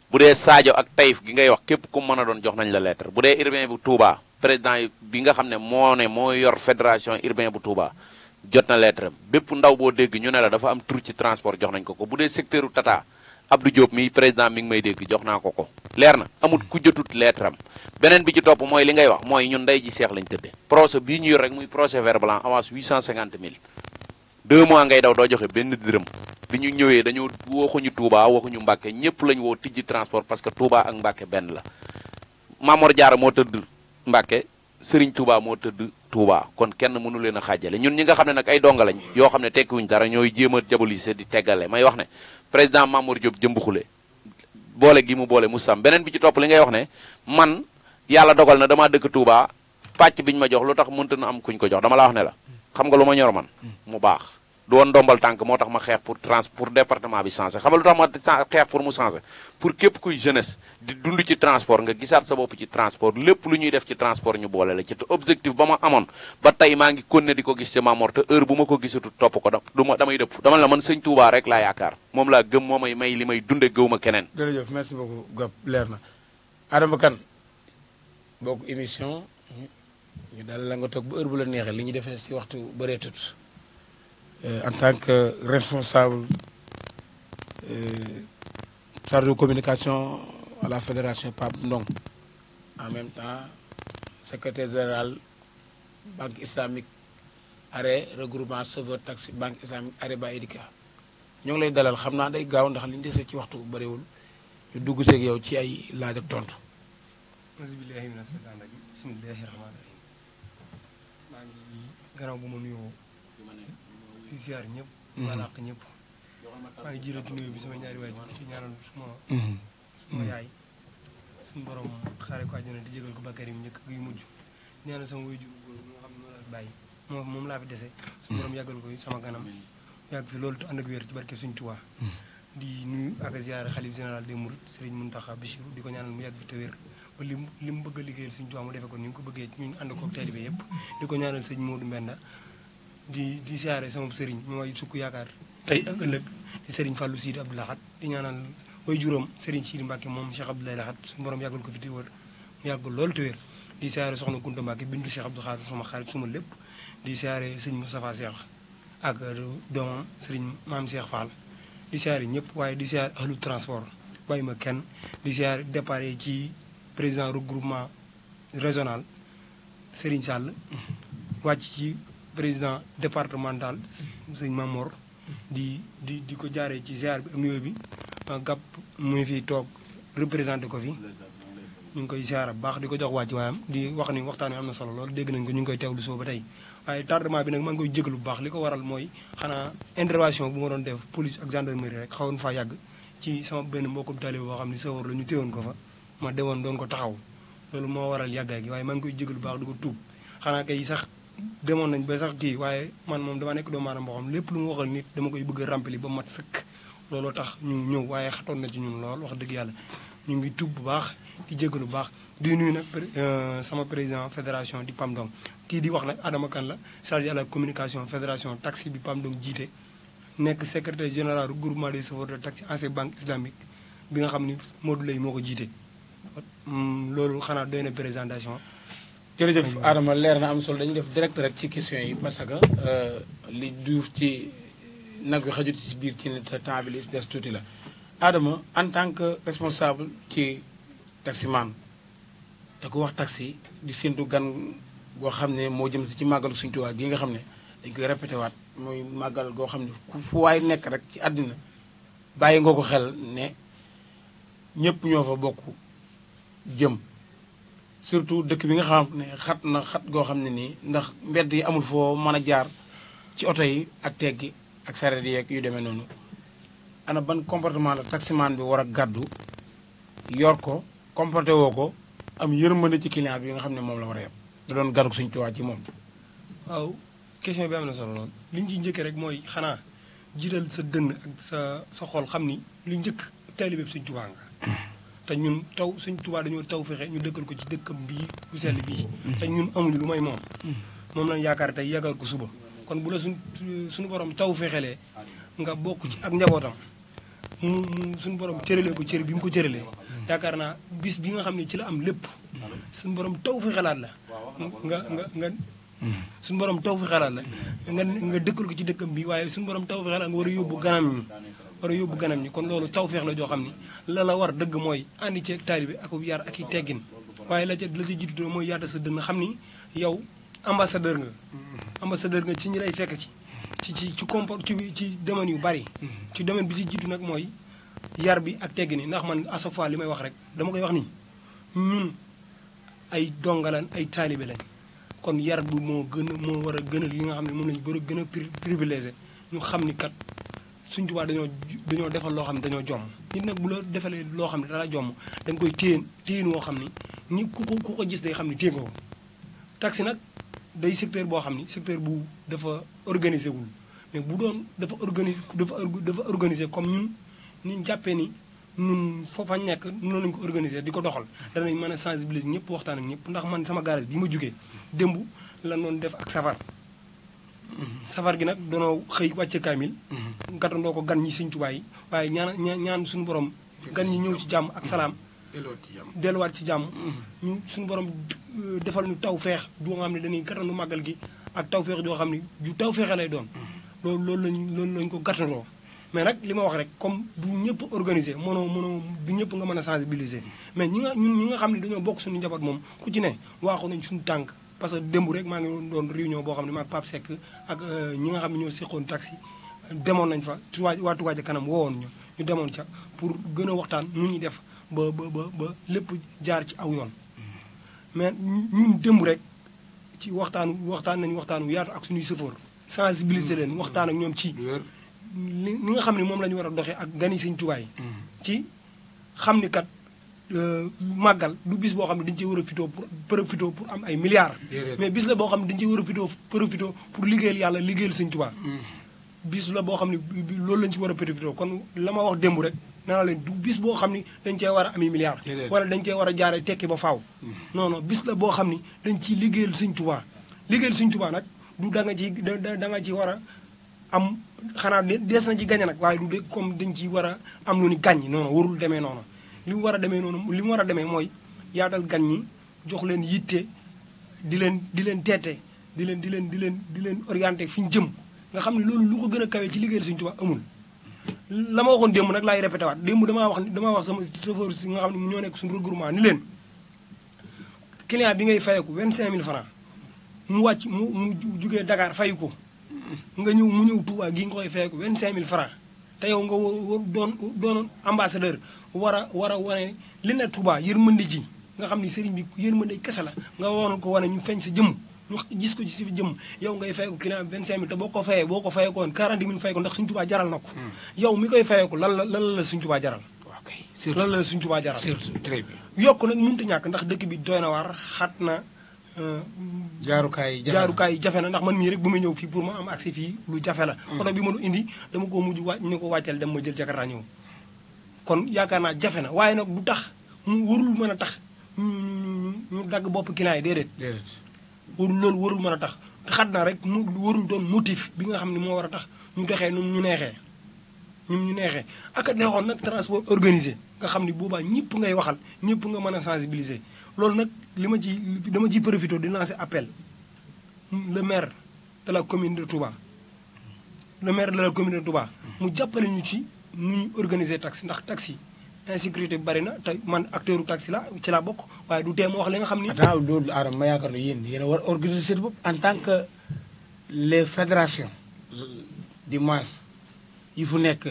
bu dee Sadio ak Taïf gi ngay wax képp ku mën a doon jox nañ la lettre bu dee urbain bu Touba président bi nga xam ne moo ne moo yor fédération urbain bu Touba jot na lettre am bépp ndaw boo dégg ñu ne la dafa am tur ci transport jox nañ ko ko bu dee secteur tata Abdou Diop mi président mi ngi may dégg jox naa ko ko. leer na amul ku jotut lettre am beneen bi ci topp mooy li ngay wax mooy ñun ndey ji seex lañ tëddee. procès bii ñu yor rek muy procès verbal avance 850 000 deux mois ngay daw doo joxe benn dërëm. bi ñu ñëwee dañoo waxuñu Touba waxuñu Mbacke ñëpp lañ woo tijji transport parce que Touba ak Mbacke benn la Mamor Diarra moo tëdd Mbacke sëriñ Touba moo tëdd Touba kon kenn mënu leen a xaajale ñun ñi nga xam ne nag ay donga lañ yoo xam ne tekkiwuñ dara ñooy jéem a diaboliser di teggale may wax ne président Mamour Diop jëmb xule boole gi mu boole mu sam beneen bi ci topp li ngay wax ne man yàlla dogal na damaa dëkk Touba pàcc bi ñu ma jox lu tax mënta na am kuñ ko jox dama la wax ne la xam nga lu ma ñor man mm. du woon ndombal tànk moo tax ma xeex pour trans pour département bi changé xam nga lu tax ma xeex pour mu changé pour képp kuy jeunesse di dund ci transport nga gisaat sa bopp ci transport lépp lu ñuy def ci transport ñu boole la ci te objectif ba ma amoon ba tey maa ngi continué di ko gis ci Mamor te heure bu ma ko gisatu topp ko du ma damay dëpp dama la man sëñ Touba rek laa yaakaar moom laa gëm moo may may li may dunde gëwuma keneen. jërëjëf merci beaucoup Gab leer na Adama Kane bokk émission ñu daal la nga toog bu la neexee li ñu defee si waxtu bëreetut. Euh, en tant que responsable euh, chargé de communication à la fédération Pape Ndong en même temps secrétaire général banque islamique arrêt regroupement chauffeur tax banque islamique arrêt ba Edika ñoo ngi lay dalal xam naa day gaaw ndax li ñu dese ci waxtu bu bëriwul ñu dugg seeg yow ci ay laaj tontu. di ziar ñëpp. maanaam mhm. ñëpp. maa ngi jiital di nuyu bi sama ñaari waay di ci ñaanal suma. Mhm. suma mhm. yaay. suñu borom xaaree ko àjjana di jégal ko bakkar yi njëkk gi mujj ñaanal sama waajur bu góor moo la bàyyi moom moom laa fi dese. suñu borom yàggal ko sama kanam. yàgg fi loolu ànd ak wér ci barke Sëriñ Tuubaa. di nuyu ak ziar xalif général des Mourides Serigne Mountakha Bassirou di ko ñaanal mu yàgg fi te wér. li mu li mu bëgg a liggéeyal Sëriñ Tuubaa mu defe ko ni mu ko bëggee ñu ànd ko taalibe yëpp di di siyaare sama sëriñ mooy sukk yaakaar tey ak ëllëg di sëriñ Fallou Sidi Abdou Lahad di ñaanal way juróom sëriñ Sidi Mbacke moom Cheikh Abdoulaye Lahad suñu borom yàggal ko fi te wër mu yàgg loolu di siyaare soxna Kounta Mbacke bindu Cheikh Abdou Khadre sama xarit suma lépp di siyaare sëñ Moustapha Cheikh ak doomam sëriñ maam Cheikh Fall di siyaare ñëpp waaye di siyaare ahlu transport bàyyi ma kenn di siyaare départ ci président regroupement régional Serigne Sall wàcc ci président départemental sëñ Mamor di di di ko jaaree ci ziar bi am bi ah, gàpp muy fi toog représenté ko fi ñu ngi koy ziar bu baax di ko jox wàcc waayam di wax ni waxtaan wi am na solo lool dégg nañ ko ñu ngi koy teewlu soo ba tey waaye tardement bi nag maa ngi koy jégalu lu baax li ko waral mooy xanaa intervention bu ma doon def police ak gendarmerie rek xawoon faa yàgg ci sama benn mbokkum taalibe boo xam ne sawar la ñu téewoon ko fa ma demoon doon ko taxaw loolu moo waral yàggaay gi koy jégalu bu baax di ko tuub demoon nañ ba sax kii waaye man moom dama nekk doomu aadama boo xam lépp lu mu waxal nit dama koy bëgg a rempli ba mat sëkk looloo tax ñu ñëw waaye xatoon na ci ñun lool wax dëgg yàlla ñu ngi tub bu baax di jégalu bu baax di nuyu nag euh, sama président fédération di PAMDONG kii di wax nag Adama Kane la chargé la communication fédération taxi bi PAMDONG jiite nekk secrétaire général groupement des chauffeurs de taxi ancien banque islamique bi nga xam ni Modou Lay moo ko jiite loolu xanaa doy na présentation jërëjëf Adama leer na am sol dañuy def direct rek ci question yi parce que euh, li duuf ci nag yu xajut ci biir ci te temps li des tuuti la Adama en tant que responsable ci taximan te ku wax taxi di séntu gan goo xam ne moo jëm si ci màggalu Sëñ Tuubaa gi nga xam ne dañ koy répété waat mooy màggal goo xam ne fu waay nekk rek ci àddina bàyyi nga ko xel ne ñëpp ñoo fa bokk jëm surtout dëkk bi nga xam ne xat na xat goo xam ne nii ndax mbedd yi amul foo mën a jaar ci oto yi ak teggi ak sareet yeeg yu demee noonu ana ban comportement la taximaan bi war a gàddu yor ko comporté woo ko am yërmande ci client bi nga xam ne moom la war a yem da doon gàddu suñu tuwaa ci moom waaw question bi am na solo lool li ñu ciy njëkkee rek mooy xanaa jiital sa dënn ak sa sa xol xam ni lu njëkk taalibe bi suñ tubaa nga te ñun taw suñ Tuubaa dañoo taw fexe ñu dëkkal ko ci dëkkam bii bu sell bii mm-hmm. Mm-hmm. te ñun amuñu lu may moom mm-hmm. moom lañ yaakaar tey yaakaar ko suba kon bu la suñ suñu borom taw fexelee nga bokk ci ak njabootam mu suñu borom cëralee ko cër bi mu ko cëralee yaakaar naa bis bi nga xam ne ci la am lépp suñu borom taw fexelaat la nga nga nga suñu borom taw fexelaat la nga nga dëkkal ko ci dëkkam bi waaye suñu borom taw fexelaat nga war a yóbbu ganam ñi war a yóbbu ganam ñi kon loolu tawféex la joo xam ni la la war dëgg mooy àndi ceeg taalibe ak yar ak i teggin waaye la ca la ca jiitu mooy yaata sa dënn xam ni yow ambassadeur nga ambassadeur nga ci ñi lay fekk ci ci ci ci compor ci ci yu bari ci domaine bi ci jiitu nag mooy yar bi ak teggin yi man à li may wax rek dama koy wax ni ñun ay dongalan ay taalibe lañ kon yar bi moo gën a moo war a gën a li nga xam ne moom lañ war a gën a privilégié ñu xam ni kat suñ tubaa dañoo dañoo defal loo xam ne dañoo jomm nit nag bu la defalee loo xam ne dara jomm da nga koy téen téen woo xam ni nit ku ko ku ko gis day xam ne téye nga ko taxi nag day secteur boo xam ni secteur bu dafa organisé wul mais bu doon dafa organisé dafa dafa organisé comme ñun ñu jàppee ni ñun foofa nekk noonu lañu ko organisé di ko doxal danañ mën a sensibiliser ñëpp waxtaan ak ñëpp ndax man sama garage bi ma jógee démb la noonu def ak safar safar gi nag danoo xëy wàcce kaamil mm-hmm. gàttandoo ko gan ñi sëñ Tuubaa yi waaye ñaan ñaan suñu borom gan ñi ñëw ci jàmm ak salaam delluwaat ci jàmm mm-hmm. ñu suñu borom euh, defal nu taw feex joo xam ne dañuy gàttandu màggal gi ak taw feex joo xam ne ju taw feexe lay doon mm-hmm. loolu loolu lañ loolu lañ ko gàttandoo mais nag li ma wax rek comme du ñëpp organisé mënoo mënoo du ñëpp nga mën a sensibiliser mais ñi ñun ñi nga xam ne dañoo bokk suñu njaboot moom ku ci ne waaxu nañ suñu tànk parce que démb rek maa ngi doon réunion boo xam ne maag Pape Seck ak euh, ñi nga xam ne ñoo seqoon taxi demoon nañ fa tuwaa waa Touba ca kanam woowoon ñu ñu demoon ca pour gën a waxtaan nu ñuy def ba ba ba ba lépp jaar ci aw yoon mais ñun démb rek ci waxtaan waxtaan nañ waxtaan wu yaatu ak suñuy sëfoor sensibiliser leen waxtaan ak ñoom ci li nga xam ne moom la ñu war a doxee ak gani sëñ Touba yi mm. ci xam ni kat Euh, màggal du bis boo xam ne dañu ciy war a fitoo pour profitoo pour am ay milliards. mais bis la boo xam ne dañ ciy war a fitoo profitoo pour liggéeyal yàlla liggéeyal Sëñ Tuubaa. Mm. bis la boo xam ne loolu lañ ci war a kon la ma wax démb rek naa leen du boo xam ne dañ cee war a ami milliards. wala dañ cee war a jaaree tekki ba faw mm. non bis la boo xam ni dañ ciy liggéeyal Sëñ Tuubaa liggéeyal Sëñ Tuubaa nag du da nga ci da nga ci war a am xanaa des na ci gañ nag waaye du de comme dañ ciy war a am lu ni gàññ noonu non warul demee noonu. li mu war a demee noonu li mu war a demee mooy yaatal gan ñi jox leen yitte di leen di leen teete di leen di leen di leen di leen orienté fi ñu jëm nga xam ne loolu lu ko gën a kawee ci liggéeyal Sëñ Tuubaa amul la ma waxoon démb nag laay répété waat démb damaa wax dama wax sama chauffeur si nga xam ne ñoo nekk suñu regroupement ni leen client bi ngay fayeku vingt-cinq mille francs mu wàcc mu mu jugee Dakar fay ko nga ñëw mu ñëw Touba gi nga koy fayeku vingt-cinq mille francs te yow nga doon doon ambassadeur war a war a wane li ne Touba yërmande ji nga xam ni sëriñ bi yërmande kese la nga woon ko wane ñu feeñ sa jëmm ñu gis ko ci si jëmm yow ngay fay ko client vingt cinq boo ko fayee boo ko fayee ko woon quarante mille fay ko ndax suñ ko hmm. yow mi koy fayee ko lan la la suñ Touba jaral lan la suñ Touba jaral très bien yokk nag ñàkk ndax dëkk bi doy na waar xat na euh, jaarukaay jaarukaay jafe na ndax man mii rek bu ma ñëw fii pour ma am accès fii lu jafe la hmm. oto bi ma indi dama koo mujj wàcc ñu ko wàcceel dem ma jël jakarta ñëw kon yaakaar naa jafe na waaye nag du tax mu warul mën a tax ñu ñu ñu ñu dagg bopp ginaar yi déedéet. déedéet warul loolu warul mën a tax xat na rek mu warul doon motif bi nga xam ne moo war a tax ñu doxee nu ñu neexee. ñu ñu neexee ak neexoon nag transport organisé nga xam ne boobaa ñëpp ngay waxal ñëpp nga mën a sensibiliser loolu nag li ma ci dama ciy profité di lancer appel le maire de la commune de Touba le maire de la commune de Touba mu jàppale ñu ci. nu ñu organiser taxi ndax taxi insécurité bi bari na te man acteur u la ci laa bokk waaye du teem wax li nga xam ni. attends loolu Adama ma yaakaar ne yéen yéen a war organiser seen bopp en tant que les fédérations du yi fu nekk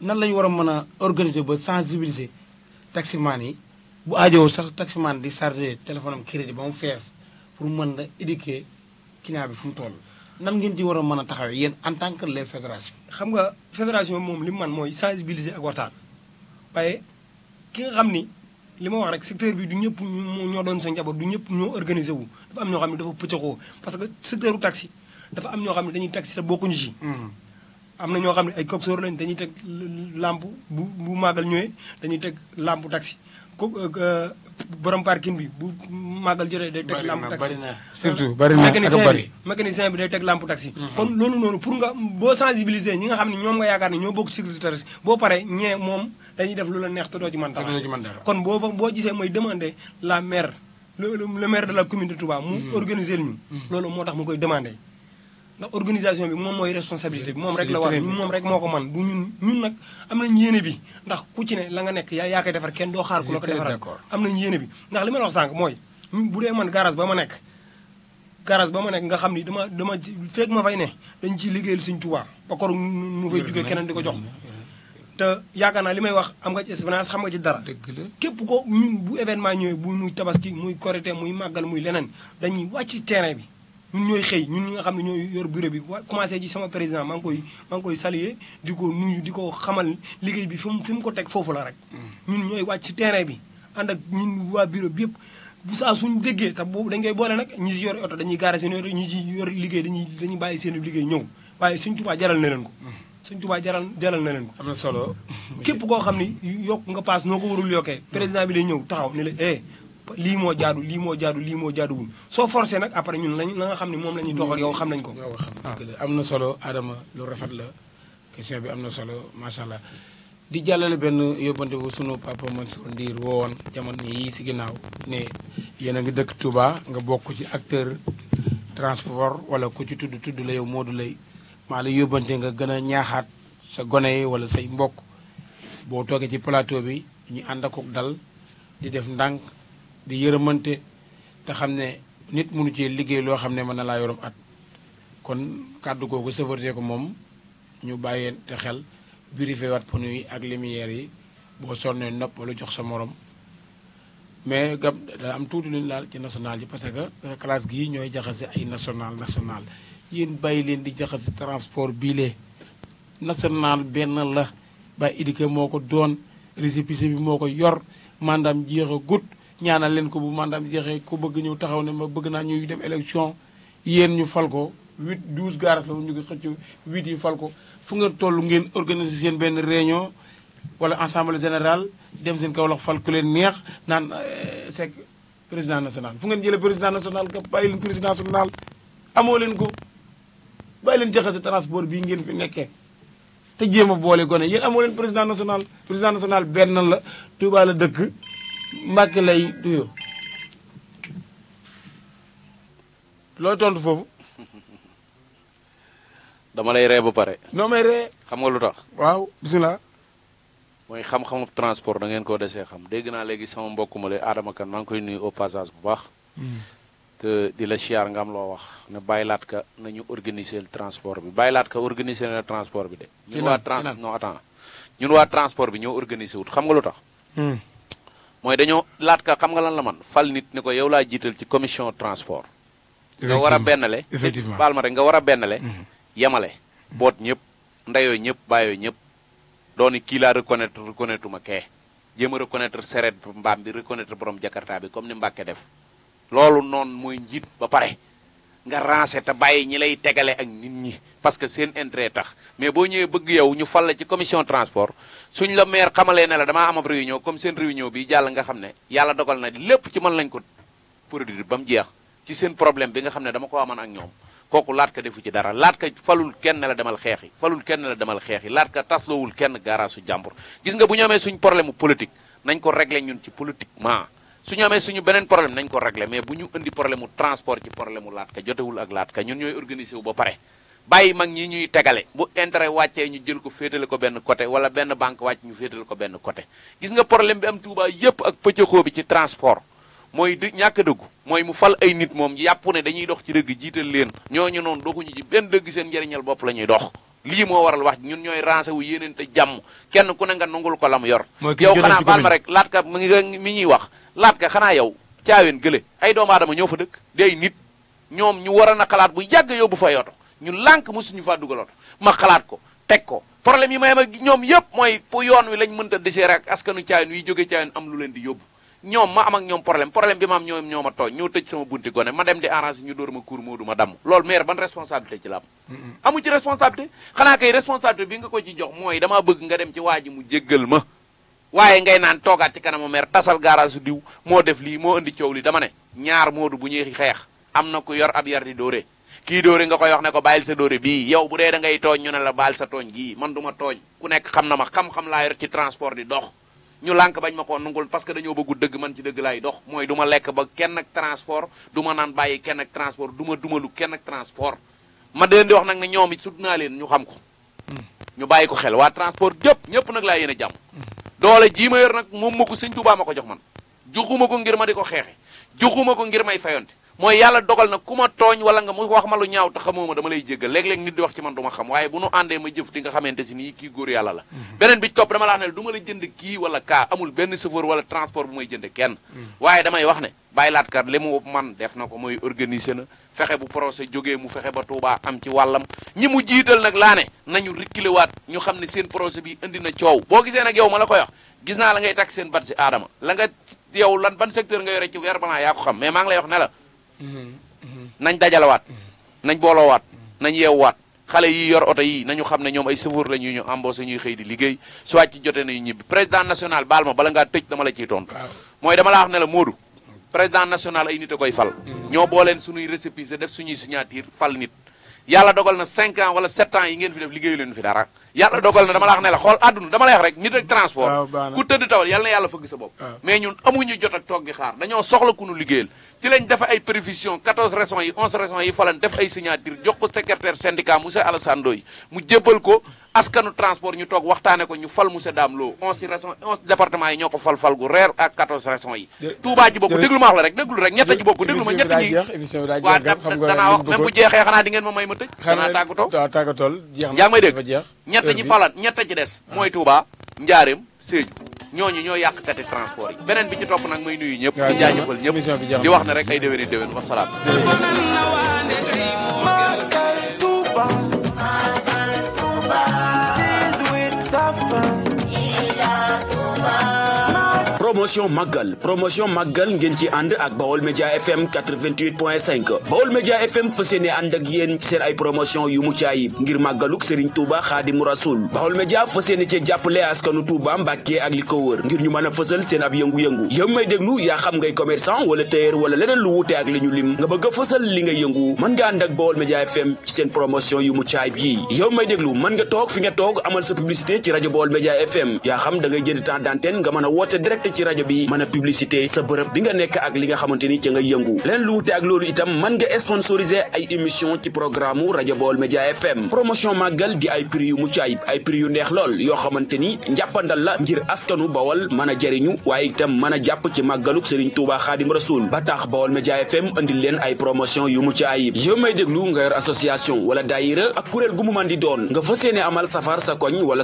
nan la war a mën a organiser ba sensibiliser taximaan yi bu aajowoo sax taximaan di chargé téléphone am crédit ba mu fees pour mën a éduquer client bi fu mu toll. nan ngeen ci war a mën a taxawee yéen en tant que les fédérations. xam nga fédération moom li man mooy sensibiliser ak waxtaan waaye ki nga xam ni li ma wax rek secteur bi du ñëpp ñoo doon sa njaboot du ñëpp ñoo organisé wu dafa am ñoo xam ne dafa pëccëxoo parce que secteur u taxi dafa am ñoo xam ne dañuy taxi te bokkuñu ci. Hmm. am na ñoo xam ne ay coxeur lañ dañuy teg lampe bu bu màggal ñëwee dañuy teg lampe taxi. ku euh, borom parking bi bu màggal jotee day teg lampe taxi bari na surtout bari na ak bari mécanicien bi day teg lampe taxi mhm. kon loolu noonu pour nga boo sensibiliser ñi nga xam ne ñoom nga yaakaar ne ñoo bokk sécurité terrestre boo paree ñee moom dañuy def lu la neex te doo ci mën dara kon boo boo gisee mooy demander la maire le maire de la commune de Touba mu mhm. organiser ñu mhm. loolu moo tax mu koy demander ndax organisation bi moom mooy responsabilité bi moom rek la war moom rek moo ko man du ñun ñun nag am nañ yéene bi ndax ku ci la nga nekk yaa yaa defar kenn doo xaar ku la ko defaral am nañ yéene bi ndax li ma wax sànq mooy bu dee man garage ba ma nekk garage ba ma nekk nga xam ni dama dama fekk ma fay ne dañ ciy liggéeyal suñ Tuubaa ba kor nu fay jógee keneen di ko jox te yaakaar naa li may wax am nga ci expérience xam nga ci dara képp ko ñun bu événement ñëwee bu muy tabaski muy korité muy màggal muy leneen dañuy wàcc terrain bi ñun ñooy xëy ñun ñi nga xam ne ñooy yor bureau bi wa commencé ci sama président maa koy maa ngi koy saluer di ko nuyu di ko xamal liggéey bi fi mu fi mu ko teg foofu la rek mm. ñun ñooy wàcc ci terrain bi ànd ak waa bureau yëpp bu saa suñu déggee te boobu dañ koy boole nag ñi si yor oto dañuy gaare seen oto ñi si yor liggéey dañuy dañuy bàyyi seen liggéey ñëw waaye suñ tubaa jaral na leen ko mm. suñ tubaa jaral jaral na leen ko am solo képp koo xam ne yokk nga paas noo ko warul yokkee mm. président bi lay ñëw taxaw ni la eh lii moo jaadu lii moo jaadu lii moo jaaduwul soo forcé nag après ñun lañ la xam ne moom la ñuy doxal yow xam nañ ko. yow xam am na solo Adama lu rafet la question bi am na solo macha allah di jàllale benn yóbbante bu sunu papa Mansour Ndiir woon jamono yii si ginnaaw ne yéen a ngi dëkk Touba nga bokk ci acteur transport wala ku ci tudd tudd la yow Modou Lay maa la yóbbante nga gën a ñaaxaat sa gone yi wala say mbokk boo toogee ci plateau bi ñu ànd ak dal di def ndànk. di yërëmante te xam ne nit mënu cee liggéey loo xam ne mën na laa yoroom at kon kàddu kooku sëfërte ko moom ñu bàyyee te xel vérifié waat pneu yi ak lumière yi boo sonnee nopp wala jox sa morom mais gab da am tuuti luñ laal ci national yi parce que classe gii ñooy jaxase ay national nationale yéen bàyyi leen di jaxase transport bii lee national benn la ba Idika moo ko doon récépissé bi moo ko yor maanaam jeex a gut ñaanal leen ko bu mandaam jeexee ko bëgg ñëw taxaw ne ma bëgg naa ñuy dem élection yéen ñu fal ko huit douze gaaras la ñu ngi xëcc huit yi fal ko fu ngeen tollu ngeen organiser seen benn réunion wala assemblée général dem seen kaw lax fal ku leen neex naan eh, c'est président national fu ngeen jëlee président national ka bàyyi leen président national amoo leen ko bàyyi leen jaxase transport bii ngeen fi nekkee te jéem a boole gone yéen amoo leen président national président national benn la Touba la dëkk Mbàkke lay duyoo loo tontu foofu. dama lay ree ba pare. noo may ree. xam nga lu tax. waaw bisimilah. mooy xam-xamu transport da ngeen koo desee xam dégg naa léegi sama mbokk ma lay Adama Kane maa ngi koy nuyu au bu baax. Hmm. te di la siyaar nga am loo wax ne bàyyilaat ka nañu organiser le transport bi bàyyilaat ka organiser le transport bi de. ñun waa trans non waa transport bi ñoo organiser wut xam nga lu tax. Hmm. mooy dañoo laat ka xam nga lan la man fal nit ni ko yow laa jiital ci commission transport. nga war a bennale effectivement baal ma rek nga war a bennale. Mhm. yemale mhm. boot ñëpp ndeyoo ñëpp bàyyoo ñëpp. dooni kii laa reconnaître reconnaître ma ke jéem a reconnaître seret mbaam bi reconnaître borom jakarta bi comme ni Mbàkke def loolu noonu mooy njiit ba pare nga rancé te bàyyi ñi lay tegale ak nit ñi parce que seen intérêt tax mais boo ñëwee bëgg yow ñu fal la ci commission transport suñ la maire xamalee ne la damaa am ab réunion comme seen réunion bi jàll nga xam ne yàlla dogal na lépp ci mën lañ ko produire ba mu jeex ci seen problème bi nga xam ne dama ko amoon ak ñoom kooku laat ka defu ci dara laat ka falul kenn la demal xeexi falul kenn la demal xeexi laat ka tasloowul kenn gaaraasu jàmbur gis nga bu ñu amee suñ problème politique nañ ko régler ñun ci politiquement su ñu amee suñu beneen problème nañ ko régler mais bu ñu indi problème mu transport ci problème mu laat ka jotewul ak laat wu ba pare bàyyi mag ñi ñuy tegale bu intérêt wàccee ñu jël ko féetale ko benn côté wala benn banque wàcc ñu féetale ko benn côté gis nga problème bi am Touba yépp ak pëccëxoo bi ci transport mooy di ñàkk dëggu mooy mu fal ay nit moom yàpp ne dañuy dox ci dëgg jiital leen ñooñu noonu doxuñu ci benn dëgg seen njëriñal bopp la ñuy dox lii moo waral wax ñun ñooy rancé wu yéeneen te jàmm kenn ku ne nga nangul ko la mu yor yow xanaa baal rek laat ka mi ngi mi ñuy wax laat ka xanaa yow caaween gële ay doomu aadama ñoo fa dëkk day nit ñoom ñu waroon a xalaat bu yàgg yóbbu fa yoto ñu lànk mosuñu faa dugaloon ma xalaat ko teg ko problème yi may ma ñoom yëpp mooy pour yoon wi lañ mënta déchiré ak askanu caayin yi jóge caayin am lu leen di yóbbu ñoom ma am ak ñoom problème problème bi ma am ñoom ñoo ma tooñ ñoo tëj sama bunti gone ma dem di arrangé ñu dóor ma kuur moo du ma damm loolu maire ban responsabilité ci la am ci responsabilité xanaa kay responsabilité bi nga ko ci jox mooy dama bëgg nga dem ci waa ji mu jéggal ma waaye ngay naan toogaat ci kanamu maire tasal garage diw moo def lii moo indi coow li dama ne ñaar moodu bu ñuy xeex am na ku yor ab yar di dóoree kii dóore nga koy wax ne ko bàyyil sa dóore bii yow bu dee da ngay tooñ ñu ne la baal sa tooñ gii man duma tooñ ku nekk xam na ma xam-xam laa yor ci transport di dox ñu lànk bañ ma ko nungul parce que dañoo bëggu dëgg man ci dëgg lay dox mooy duma ma lekk ba kenn ak transport du ma naan bàyyi kenn ak transport duma dumalu kenn ak transport ma di leen di wax nag ne ñoom it sut naa leen ñu xam ko ñu bàyyi ko xel waa transport jëpp ñëpp nag laa yéen a jàmm doole jii ma yor nag moom ma ko sëñ Tuubaa ma ko jox man joxuma ko ngir ma di ko xeexe joxuma ko ngir may fayonte mooy yàlla dogal na ku ma tooñ wala nga mu wax ma lu ñaaw te xamoo ma dama lay jéggal léeg-léeg nit di wax ci man du ma xam waaye bu nu àndee ma jëf di nga xamante si nii kii góor yàlla la mhm. beneen bi topp dama la wax ne du ma la jënd benn chauffeur wala transport bu may kenn mhm. waaye damay wax ne bàyyi laatkat li mu man def na ko mooy organiser na fexe bu procès jógee mu fexe ba Touba am ci wàllam ñi mu jiital nag laa ne nañu rikkilewaat ñu xam ne seen procès bi indi na coow boo gisee nag yow ma la ko wax gis naa la ngay takk seen bat si la nga yow lan ban secteur nga yore ci weer banaa yaa maa ngi lay wax ne la Mm-hmm. nañ dajalawaat mm-hmm. nañ boolowaat mm-hmm. nañ yeewwaat xale yi yor oto yi nañu xam ne ñoom ay chauffeur la ñuy ñu embauché ñuy xëy di liggéey su wàcc jotee nañu ñibbi président national baal ma bala ngaa tëj dama la ciy tontu. mooy dama la wax ne la Modou. président national ay nit a koy fal. ñoo booleen suñuy récépissé def suñuy signature fal nit. yàlla dogal na 5 ans wala 7 ans yi ngeen fi def liggéeyu leen fi dara. yàlla dogal na dama la wax ne la xool àdduna dama lay wax yàlla na yàlla fëgg sa bopp. mais ñun amuñu jot ak dañoo soxla ku ñu ci lañ def ay prévision 14 régions yi 11 régions yi falan def ay signature jox ko secrétaire syndicat monsieur Alassane Ndoye mu jébbal ko askanu transport ñu toog waxtaane ko ñu fal monsieur Dame Lo 11 régions 11 départements yi ñoo ko fal fal gu reer ak 14 régions yi. Touba ji bopp déglu ma wax la rek déglu rek ñett ji bopp déglu ma ñett ji émission bi daa jeex xanaa di ngeen ma may ma tëj. xanaa tàggatoo tàggatoo jeex na yaa ngi may dégg ñett ñi falan ñett ci des ah. mooy Touba njaareem séeju ñooñu ñoo yàqkati transport yi beneen bi ci topp nag may nuyu ñëpp di jaajëfal ñëpp di wax ne rek ay déwéni déwén wasalaam Touba promotion màggal ngeen ci ànd ak Baol Média FM 88 point FM fas yéene ànd ak yéen seen ay promotion yu mucc ayib ngir màggaluk Serigne Touba Xaadimu Rasul Baol Média fas a seen ab yëngu-yëngu yow may déglu yaa xam ngay commerçant wala tailleur wala leneen lu wuute ak li ñu lim nga bëgg a fësal li nga yëngu mën nga ànd ak Baol Média FM ci seen promotion yu mucc ayib yi yow may déglu mën nga toog fi nga toog amal sa publicité ci rajo Baol Média FM yaa xam a woote direct ci rajo bi mën a publicité sa bërëb bi nekk ak li nga xamante ni ci nga yëngu leen lu wute ak loolu itam mën nga sponsoriser ay émission ci programme rajo Baol Média FM promotion màggal di ay prix yu mucc ayib ay pri yu neex lool yoo xamante ni njàppandal la ngir askanu Bawol mën a jariñu waaye itam mën a jàpp ci màggaluk Serigne Touba Xaadim Rasul ba tax Baol Média FM andil leen ay promotion yu mucc ayib yow may déglu nga yor association wala daayira a kuréel gu mu mën di doon nga fas yéene amal safar sa koñ wala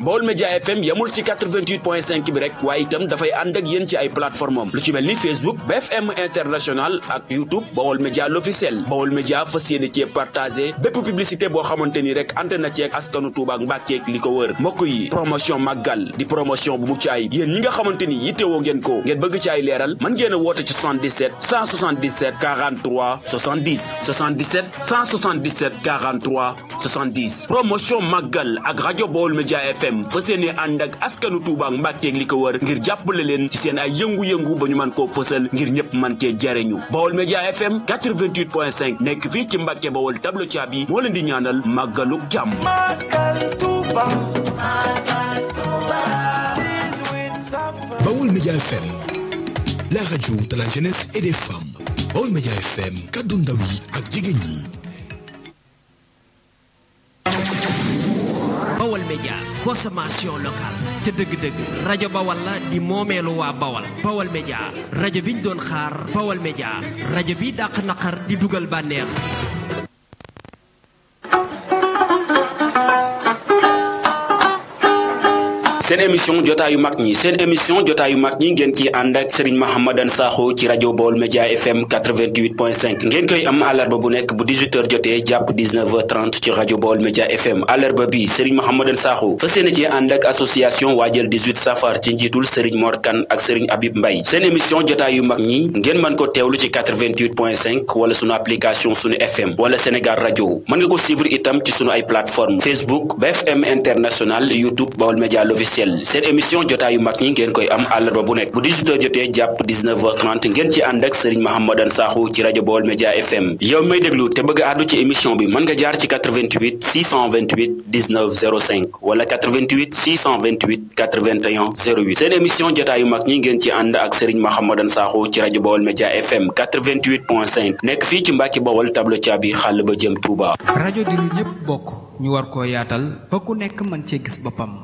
nag Média FM yamul ci 88 point bi rek waaye itam dafay ànd ak yéen ci ay plateforme lu ci mel ni Facebook BFM international ak YouTube Baol Média l'officiel Baol Média fas yéene cee partage bépp publicité boo xamante ni rek ante na ceeg askanu Touba ak Mbàkke ak li ko wër mbokk yi promotion màggal di promotion bu mucc ayib yéen yi nga xamante ni yittewoo ngeen ko ngeen bëgg ci ay leeral mën ngeen a woote ci 77 177 43 70 77 177 43 70 promotion màggal ak rajo Baol Média FM fas yéene ànd ak askanu Touba ak li ko wër ngir jàppale leen ci seen ay yëngu-yëngu ba ñu mën koo fësal ngir ñëpp mën cee jariñu Bawol Média FM 88.5 nekk fii ci Mbàkke Bawol tablo caab yi moo leen di ñaanal màggaluk jàmm. Bawol Média FM la radio de la jeunesse et des Bawol Média FM kaddu ndaw ak jigéen ñi. média consommation locale ca dëgg-dëgg rajo bawal la di moomeelu waa bawal bawal média rajo biñ doon xaar bawal média rajo bi dàq naqar di dugal bànneex seen émission jotaayu mag ñi seen émission jotaayu mag ñi ngeen ci ànd ak Serigne Mahamadan Sakho ci rajo Baol Média FM 88.5 ngeen koy am àllarba bu nekk bu 18h jotee jàpp 19h30 ci rajo Baol Média FM àllarba bi Serigne Mahamadan Sakho fas yéene ci ànd ak association waajal 18 safar ci njiitul Serigne Mor Kane ak Serigne Habib Mbaye seen émission jotaayu mag ñi ngeen mën ko teewlu ci 88.5 wala sunu application sunu FM wala Sénégal rajo mën nga ko suivre itam ci sunu ay plateforme Facebook BFM International YouTube Baol Média l'officiel officiel seen émission jotaayu mag ñi ngeen koy am àllarba bu nekk bu 18 jotee jàpp ngeen ci ànd ak Serigne Mahamadan Sakho ci rajo Baol Média FM a àddu ci émission bi mën nga jaar ci 88 628 19 seen émission jotaayu mag ñi ngeen ci ànd ak Serigne Mahamadan Sakho ci rajo Baol Média FM nekk fii ci Mbàkke Bawol tableau caabi xàll ba jëm Touba. rajo di lu ñëpp bokk ñu war koo yaatal ba ku nekk mën cee gis boppam.